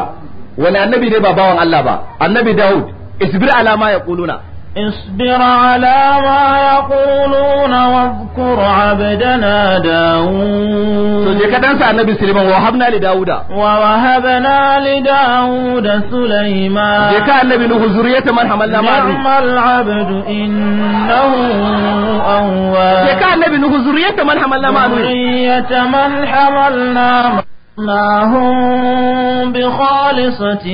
wani annabi dai ba bawan Allah ba annabi Dawud isbir alama ya kuluna اصبر على ما يقولون واذكر عبدنا داود النبي سليمان وهبنا لداود ووهبنا لداود سليمان جكا النبي له ذرية من حملنا نعم معه نعم العبد إنه أواب جكا النبي له ذرية من حملنا معه ذرية من حملنا معه بخالصة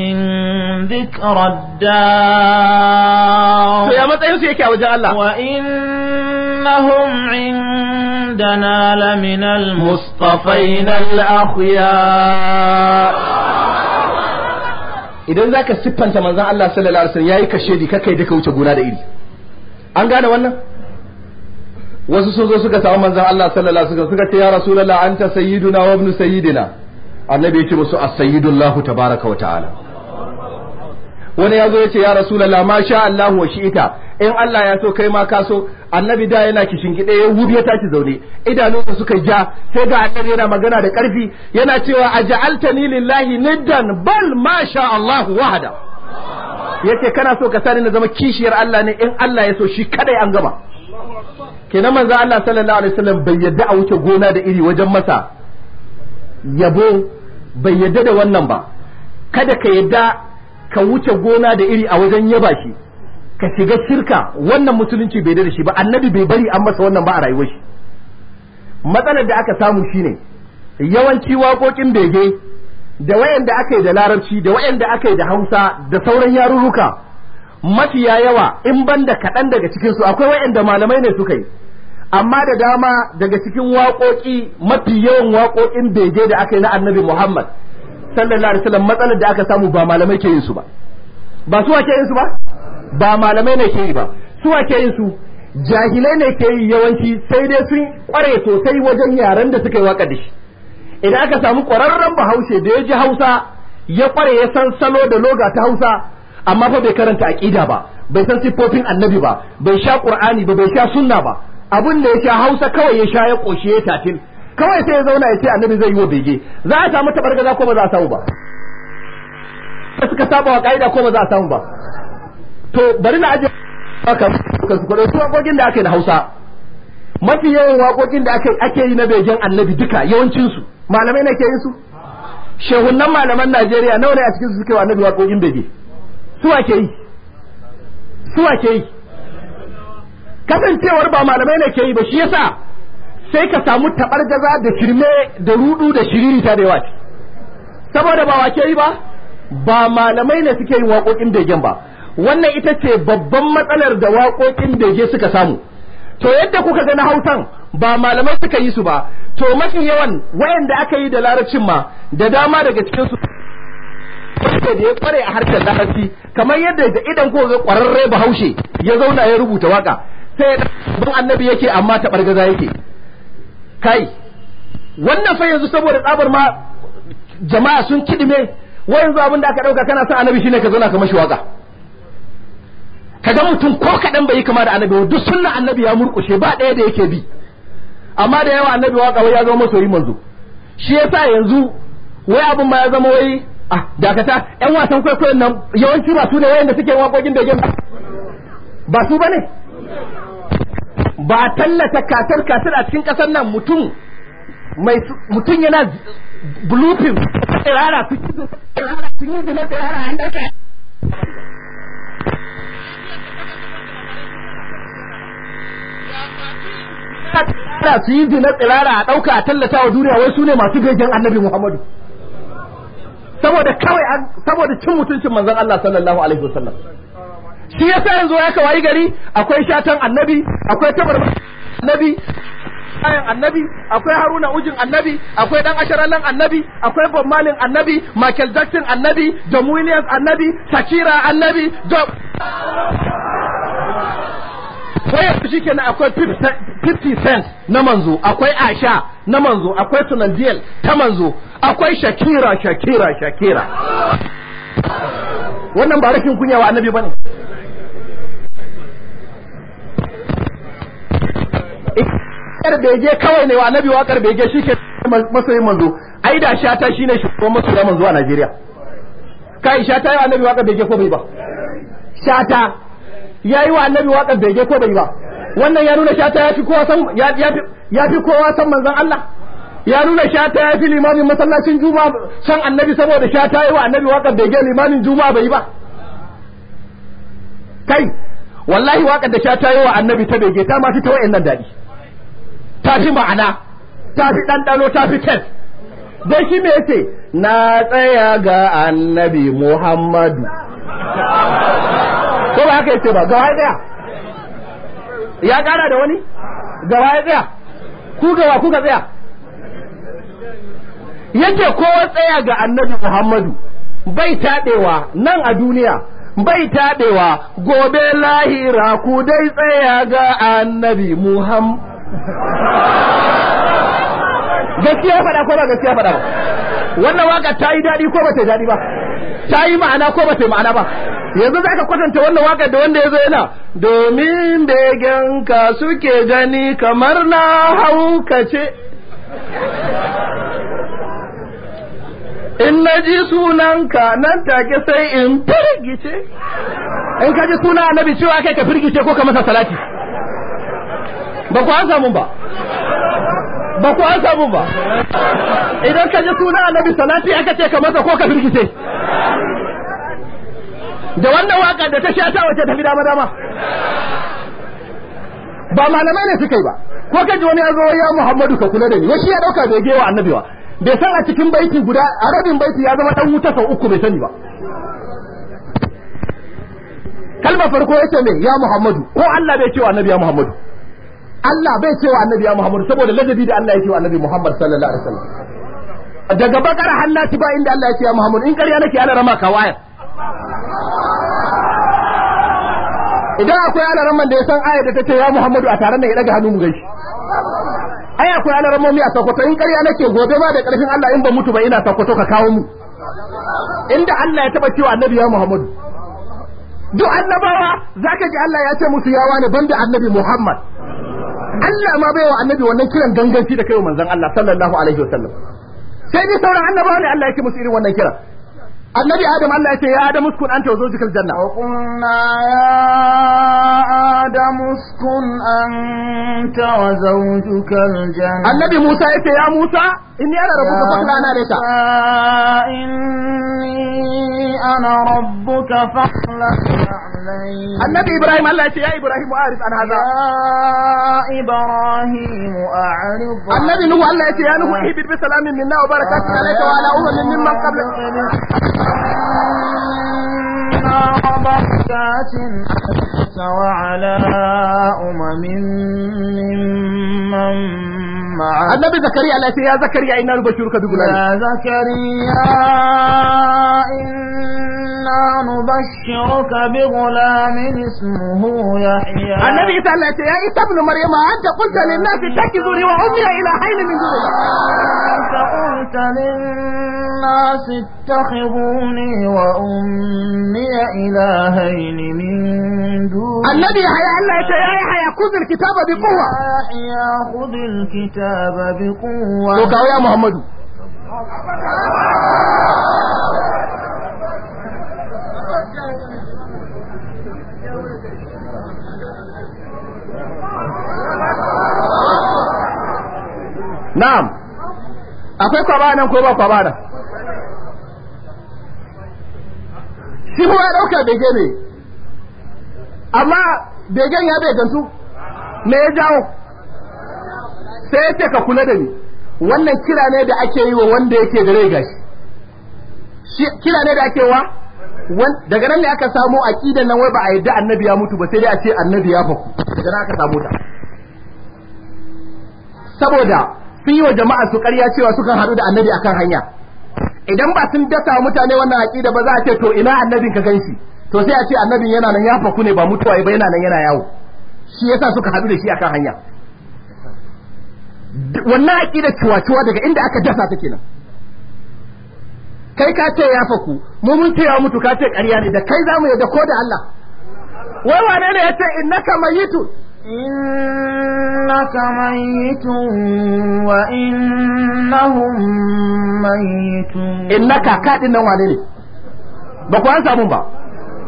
ذكر الدار يا متى وإنهم عندنا لمن المصطفين الأخيار idan za ka siffanta manzan Allah sallallahu alaihi wasallam yayi kashe di kakai da ka wuce gona da iri an gane wannan wasu sun zo suka samu manzan Allah sallallahu alaihi wasallam suka ce ya rasulullah anta sayyiduna wa sayyidina annabi ya ce musu as-sayyidullahu tabaaraka wa ta'ala wani ya zo ya ce ya rasulallah ma sha Allahu wa shi'ita in Allah ya so kai ma ka so annabi da yana kishingide ya wuri ya tashi zaune idanunsa suka ja sai ga annabi yana magana da ƙarfi yana cewa aj'altani lillahi niddan bal ma sha Allahu wahda. yace kana so ka sani na zama kishiyar Allah ne in Allah ya so shi kadai an gama. kenan manzo Allah sallallahu alaihi wasallam bai yadda a wuce gona da iri wajen masa yabo bai yadda da wannan ba kada ka yadda ka wuce gona da iri a wajen yaba shi ka shiga shirka wannan musulunci bai da shi ba annabi bai bari an masa wannan ba a rayuwar shi matsalar da aka samu shine yawanci waƙoƙin bege da wayanda aka yi da larabci da wayanda aka yi da hausa da sauran yarurruka mafiya yawa in banda kaɗan daga cikinsu akwai wayanda malamai ne suka yi amma da dama daga cikin waƙoƙi mafi yawan waƙoƙin bege da aka yi na annabi Muhammad sallallahu alaihi wasallam matsalar da aka samu ba malamai ke yin su ba ba su ake yin su ba ba malamai ne ke yi ba su ake yin su jahilai ne ke yi yawanci sai dai sun kware sosai wajen yaren da suka yi waƙa da shi idan aka samu ƙwararren bahaushe da ya ji Hausa ya kware ya san salo da loga ta Hausa amma fa bai karanta aƙida ba bai san siffofin annabi ba bai sha qur'ani ba bai sha sunna ba abin da ya sha hausa kawai ya sha ya koshi ya tatil kawai sai ya zauna ya ce annabi zai yi wa bege za a samu tabargaza ko ba za a samu ba suka saba wa ka'ida ko ba za a samu ba to bari na aje haka su kwado su waƙoƙin da aka yi na hausa mafi yawan waƙoƙin da ake yi na begen annabi duka yawancinsu malamai na ke yin su shehunan malaman najeriya nawa ne a cikin su suke wa annabi waƙoƙin bege su ke yi su ke yi kasancewar ba malamai ne ke yi ba shi yasa sai ka samu gaza da shirme da rudu da ta da yawa saboda ba wake yi ba ba malamai ne suke yin waƙoƙin begen ba wannan ita ce babban matsalar da waƙoƙin bege suka samu to yadda kuka ga na hautan ba malamai suka yi su ba to mafi yawan wayanda aka yi da larabcin ma da dama daga cikin su wanda da ya kware a harkar larabci kamar yadda da idan ko ga kwararre bahaushe ya zauna ya rubuta waka sai ban annabi yake amma ta bargaza yake kai wannan fa yanzu saboda tsabar ma jama'a sun kidime wai yanzu abin aka dauka kana son annabi shine ka zauna kamar shi waka ga mutum ko kadan bai yi kama da annabi duk sunnan annabi ya murkushe ba daya da yake bi amma da yawa annabi waka wai ya zama masoyi manzo shi yasa yanzu wai abin ma ya zama wai ah dakata yan wasan kwaikwayon nan yawanci ba su ne wayanda suke waƙoƙin da gina ba su bane ba tallata katar katar a cikin kasar nan mutum mai mutum yana blupin tsirara su ci tsirara sun yi zina tsirara an dace tsirara su yi zina tsirara a ɗauka a tallata wa duniya wai su ne masu begen annabi Muhammadu. Saboda kawai saboda cin mutuncin manzon Allah sallallahu alaihi wasallam. shi sa yanzu ya kawai gari akwai shatan annabi akwai tabar annabi ayan annabi akwai haruna ujin annabi akwai dan asharalan annabi akwai bob malin annabi michael jackson annabi john williams annabi shakira annabi job yanzu shi kenan akwai 50 cents na manzo akwai asha na manzo akwai tunandiyal ta manzo akwai shakira shakira shakira wannan ba rashin kunya wa annabi bane waƙar bege kawai ne wa nabi waƙar bege shi ke masoyin manzo ai da shata shine shugaban masoya manzo a Najeriya kai shata wa nabi waƙar bege ko bai ba shata yayi wa annabi waƙar bege ko bai ba wannan ya nuna shata ya fi kowa san ya fi kowa san manzon Allah ya nuna shata ya fi limamin masallacin juma'a san annabi saboda shata wa annabi waƙar bege limamin juma'a bai ba kai wallahi waƙar da shata wa annabi ta bege ta ma fi ta wa'annan daɗi ta fi ma'ana ta fi ɗanɗano ta fi tef don shi me yace na tsaya ga annabi muhammadu ko ba haka yace ba gawa ya tsaya ya ƙara da wani gawa ya tsaya ku gawa ku ka tsaya yace kowa tsaya ga annabi muhammadu bai taɗewa nan a duniya bai taɗewa gobe lahira ku dai tsaya ga annabi muhammadu gaskiya faɗa ko ba gaskiya faɗa ba wannan waka ta yi daɗi ko ba ta daɗi ba ta yi ma'ana ko ba ta yi ma'ana ba yanzu za ka kwatanta wannan waka da wanda ya zo yana domin begen ka suke gani kamar na haukace in na ji sunanka nan take sai in firgice in ka ji suna annabi cewa kai ka firgice ko ka masa salati ba ku an samu ba ba ku an samu ba idan ka ji suna annabi salati aka ce ka masa ko ka firkice da wannan waka da ta shata ta wace tafi dama dama ba malamai ne suka yi ba ko ka ji wani ya zo ya Muhammadu ka kula da ni Wasu ya dauka bai gewa annabi ba bai san a cikin baiti guda a rabin baiti ya zama dan wuta sau uku bai sani ba kalmar farko ce ne ya Muhammadu ko Allah bai ce wa annabi ya Muhammadu Allah bai cewa annabi ya Muhammad saboda ladabi da Allah ya cewa annabi Muhammad sallallahu alaihi wasallam daga bakar hannati ba inda Allah ya ce ya Muhammad in ƙarya nake ana rama wayar idan akwai ana raman da ya san ayar da ta ce ya Muhammadu a tare ne ya daga hannu mu gaishe ai akwai ana mu a sakoto in ƙarya nake gobe ba da ƙarfin Allah in ba mutu ba ina sakoto ka kawo mu inda Allah ya taba cewa annabi ya Muhammadu duk annabawa zaka ji Allah ya ce musu yawa ne banda annabi Muhammad Allah ma bai wa annabi wannan kiran ganganci da kai wa manzon Allah sallallahu alaihi wasallam sai ni sauran annabawa ne Allah yake musu irin wannan kira النبي آدم الله يتي يا آدم اسكن أنت وزوجك الجنة وقلنا يا آدم اسكن أنت وزوجك الجنة النبي موسى يتي يا موسى إني أنا ربك فقل أنا ليتا إني أنا ربك فقل النبي إبراهيم الله يتي يا إبراهيم أعرف أن هذا يا إبراهيم أعرف النبي نوح الله يتي يا نوح إحبت بسلام منا وبركاته عليك وعلى أمم من من قبل درجات أنت وعلى أمم ممن معك النبي زكريا التي يا زكريا إنا نبشرك بغلام يا زكريا إنا نبشرك بغلام اسمه يحيى النبي صلى الله عليه وسلم يا ابن مريم أنت قلت للناس لي وأمي إلى حين من دون الله أنت قلت للناس اتخذوني وأمي إلهين من دون النبي يحيى الله يا يحيى خذ الكتاب بقوة يا خذ الكتاب بقوة وكاو يا محمد na'am akwai kwaba nan ko ba kwaba nan shi kuma ya dauka bege ne amma begen ya begantu me ya jawo sai ya ka kula da ni wannan kira ne da ake yi wa wanda yake da rai gashi kira ne da ake wa daga nan ne aka samu aqidan nan wai ba a yadda annabi ya mutu ba sai dai a ce annabi ya faku daga nan aka samu ta saboda sun yi wa jama'a su ƙarya cewa sukan haɗu da annabi akan hanya idan ba sun dasa mutane wannan aƙida ba za a ce to ina annabin ka ganshi to sai a ce annabin yana nan ya faku ne ba mutuwa ba yana nan yana yawo shi yasa suka haɗu da shi akan hanya wannan aƙida ciwa-ciwa daga inda aka dasa ta nan. kai ka ce ya faku mu mun ce ya mutu ka ce ƙarya ne da kai za mu yarda ko da Allah wai wane ne ya ce innaka mayitun إنك ميت وإنهم ميتون إنك كاتنا وانيني بكو أنسى منبا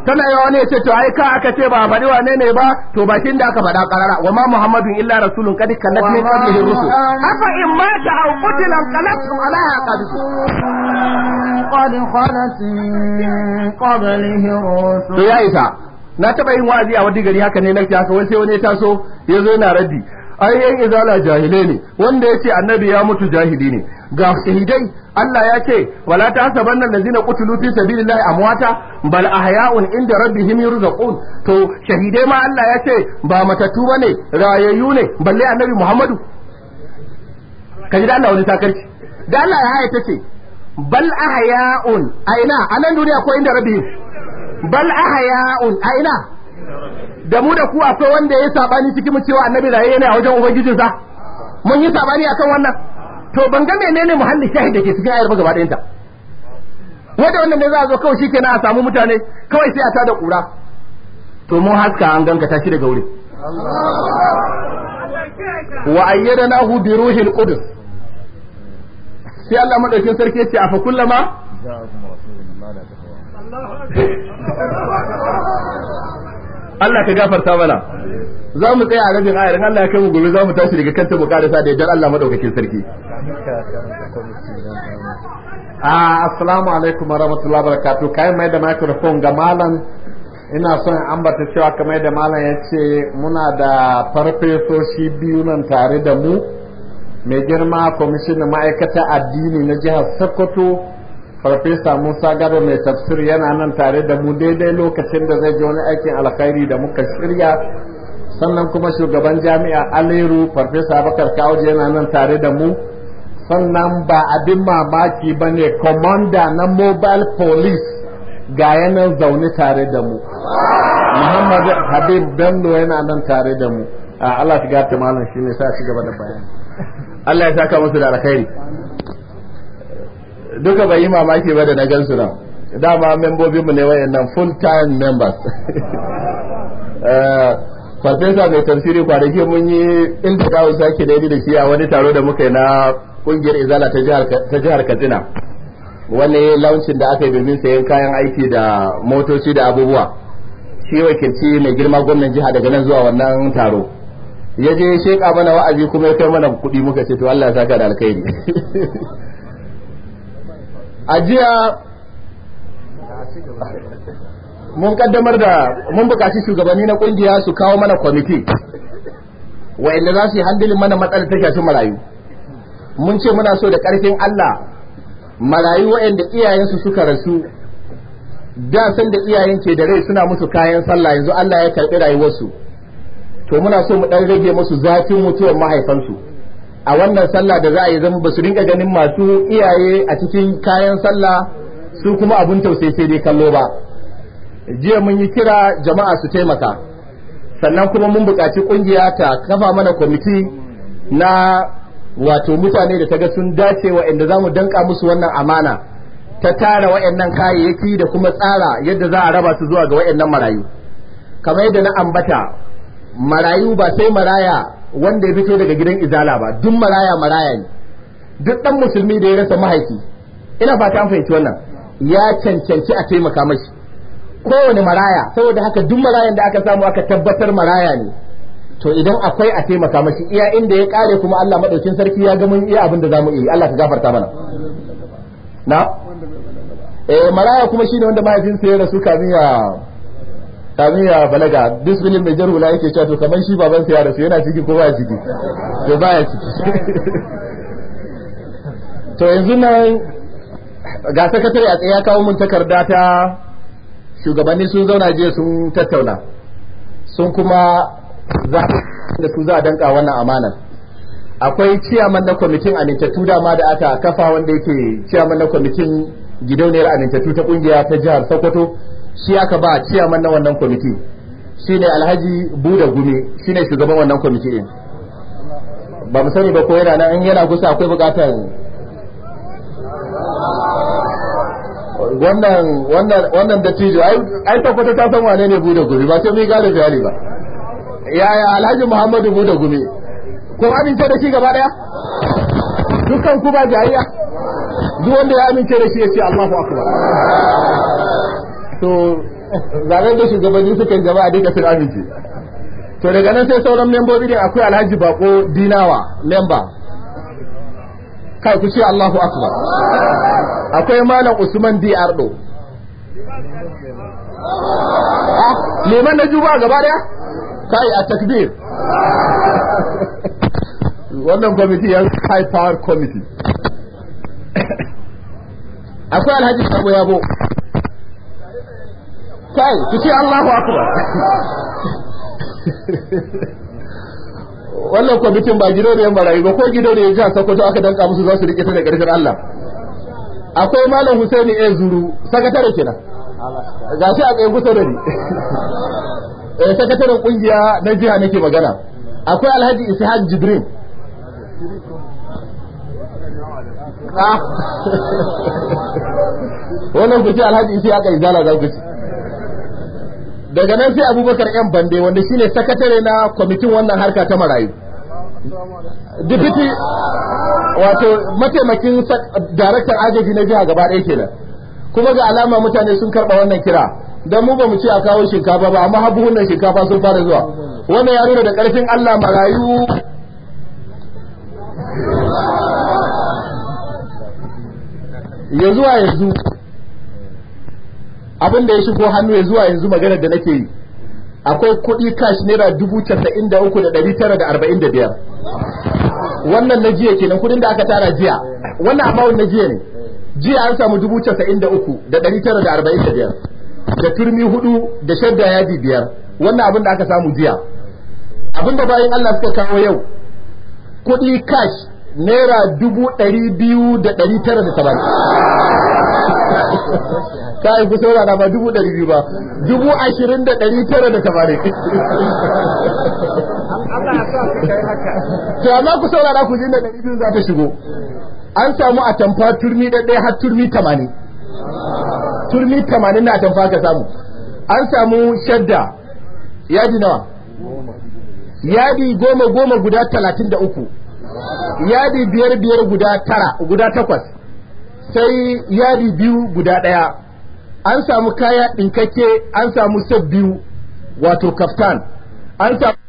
tana yawa ne ce to ai ka aka ce ba faɗi wane ne ba to bakin da aka faɗa karara wa ma muhammadun illa rasulun kadi kallat min qablihi rusul afa in mata aw qutila qalatum ala qad khalat min qablihi rusul to ya isa na taba yin wa'azi a wani gari haka ne na haka wai sai wani ya taso ya zo yana raddi ai yan izala jahilai ne wanda ya ce annabi ya mutu jahili ne ga shahidai Allah ya ce wala ta sabanna allazina qutilu fi sabilillahi amwata bal ahyaun inda rabbihim yurzaqun to shahidai ma Allah ya ce ba matatu bane rayayyu ne balle annabi Muhammadu kaji da Allah wani takarci da Allah ya haya tace bal ahyaun aina anan duniya ko inda rabbihim bal ahya'un aina da mu da ku akwai wanda ya sabani cikin mu cewa annabi da yayi ne a wajen sa mun yi sabani akan wannan to ban ga menene muhalli shahid da ke cikin ayar ba gaba ɗayanta wanda wannan ne za a zo kawai shi kenan a samu mutane kawai sai a tada kura to mun haska an ganka tashi daga wuri. wa ayyadnahu bi ruhil qudus sai Allah madaukin sarki ya ce afa kullama Allah ka gafarta mana za mu tsaya a rabin ayar Allah ya kai mu gobe za mu tashi daga kanta mu karasa da yadda Allah madaukakin sarki Ah assalamu alaikum wa rahmatullahi barakatuh kai mai da microphone ga malam ina son ambata cewa kamar da malam ya ce muna da farfesoshi biyu nan tare da mu mai girma kwamishinan ma'aikata addini na jihar sokoto farfesa musa gado mai tafsir yana nan tare da mu daidai lokacin da zai ji wani aikin alkhairi da muka shirya sannan kuma shugaban jami'a aliru farfesa bakar kawoje yana nan tare da mu sannan ba abin mamaki ba ne komanda na mobile police ga yanan zaune tare da mu muhammad habib bello yana nan tare da mu ah, Allah shiga ta malam shine sa ci gaba da bayani Allah ya saka musu da alkhairi duka bai yi mamaki ba da na gansu nan dama membobinmu ne wayannan full time members eh, farfesa mai tafsiri kwanaki mun yi inda dawo sake daidai da shi a wani taro da muka yi na kungiyar izala ta jihar katsina wani launcin da aka yi domin sayan kayan aiki da motoci da abubuwa shi wakilci mai girma gwamnan jiha daga nan zuwa wannan taro ya je sheka mana wa'azi kuma ya kai mana kuɗi muka ce to Allah ya saka da alkhairi a jiya mun kaddamar da mun bukaci shugabanni na kungiya su kawo mana kwamiti wa'inda za su yi handilin mana matsalar ta shafi marayu mun ce muna so da karfin Allah marayu wa'inda iyayensu suka rasu da san da iyayen ke da rai suna musu kayan sallah yanzu Allah ya karɓi rayuwarsu to muna so mu ɗan rage musu zafin mutuwar mahaifansu a wannan sallah da za a yi zama ba su rinka ganin masu iyaye a cikin kayan sallah su kuma abun tausayi sai dai kallo ba jiya mun yi kira jama'a su taimaka sannan kuma mun buƙaci ƙungiya ta kafa mana kwamiti na wato mutane da ta ga sun dace inda za mu danka musu wannan amana ta tara waɗannan kayayyaki da kuma tsara yadda za a raba su zuwa ga waɗannan marayu kamar yadda na ambata marayu ba sai maraya wanda ya fito daga gidan izala ba duk maraya maraya ne duk dan musulmi da ya rasa mahaifi ina fata an fahimci wannan ya cancanci a taimaka mashi kowane maraya saboda haka duk marayan da aka samu aka tabbatar maraya ne to idan akwai a taimaka mashi iya inda ya kare kuma Allah madaukin sarki ya ga mun iya abin da zamu yi Allah ka gafarta mana na eh maraya kuma shine wanda mahaifinsa ya rasu kafin ya kamin balaga balaga wani mai jarula yake cewa to kamar shi baban sa ya rasu yana ciki ko ba ciki to ba ciki to yanzu nan ga sakatare a tsaye kawo mun takarda ta shugabanni sun zauna jiya sun tattauna sun kuma za da su za a danka wannan amanar akwai ciyaman na kwamitin amintattu dama da aka kafa wanda yake ciyaman na kwamitin gidauniyar amintattu ta kungiya ta jihar sokoto shi aka ba ciyaman na wannan kwamiti shine alhaji buda Gumi shi ne shugaban wannan kwamiti ɗin ba mu sani ba ko yana nan yana kusa akwai bukatar wannan wannan wannan dattijo ai ai tabbata ta san wane ne buda Gumi ba sai mu gane bayani ba yaya alhaji muhammadu buda Gumi ko amince da shi gaba daya dukkan ku ba jariya duk wanda ya amince da shi ya ce Allahu akbar to zaben da shugabanni suka yi jama'a dai sun amince to daga nan sai sauran membobi ne akwai alhaji bako dinawa memba kai ku ce Allahu akbar akwai malam Usman DR do liman na juba gaba daya kai a takbir wannan kwamiti yan high power committee akwai alhaji sabo yabo kai ku ce Allahu akbar wannan kwamitin ba gidauniyar marayu ba ko gidauniyar jihar Sokoto aka danka musu za su rike ta da ƙarfin Allah akwai malam Husaini A Zuru sakatare kina ga shi a kai gusa da ni eh sakataren kungiya na jiha nake magana akwai Alhaji Ishaq Jibrin ah. wannan ku ce Alhaji Ishaq Izala za ku ce daga nan sai abubakar yan bande wanda shine sakatare na kwamitin wannan harka ta marayu dipiti wato mataimakin daraktar agaji na jiha gaba ɗaya kenan kuma ga alama mutane sun karɓa wannan kira dan mu ba mu ce a kawo shinkafa ba amma habuhunan shinkafa sun fara zuwa wannan ya nuna da ƙarfin Allah marayu ya zuwa yanzu abin da ya shigo hannu ya zuwa yanzu maganar da nake yi akwai kuɗi cash naira dubu casa'in da uku da ɗari tara da arba'in da biyar wannan na jiya kenan kuɗin da aka tara jiya wannan amount na jiya ne jiya an samu dubu casa'in da uku da ɗari tara da arba'in da biyar da turmi hudu da shadda yadi biyar wannan abin da aka samu jiya abin da bayan Allah suka kawo yau kuɗi cash naira dubu ɗari biyu da ɗari tara da saba'in kai ku saurara ba dubu ɗari biyu ba dubu ashirin da ɗari tara da tamanin to amma ku saurara ku jin da ɗari biyu za ta shigo an samu a tamfa turmi ɗaya har turmi tamanin turmi tamanin na tamfa ka samu an samu shadda yadi nawa yadi goma goma guda talatin da uku yadi biyar biyar guda tara guda takwas sai yadi biyu guda ɗaya an samu kaya ɗinkake an samu sabbiyu wato kaftan an samu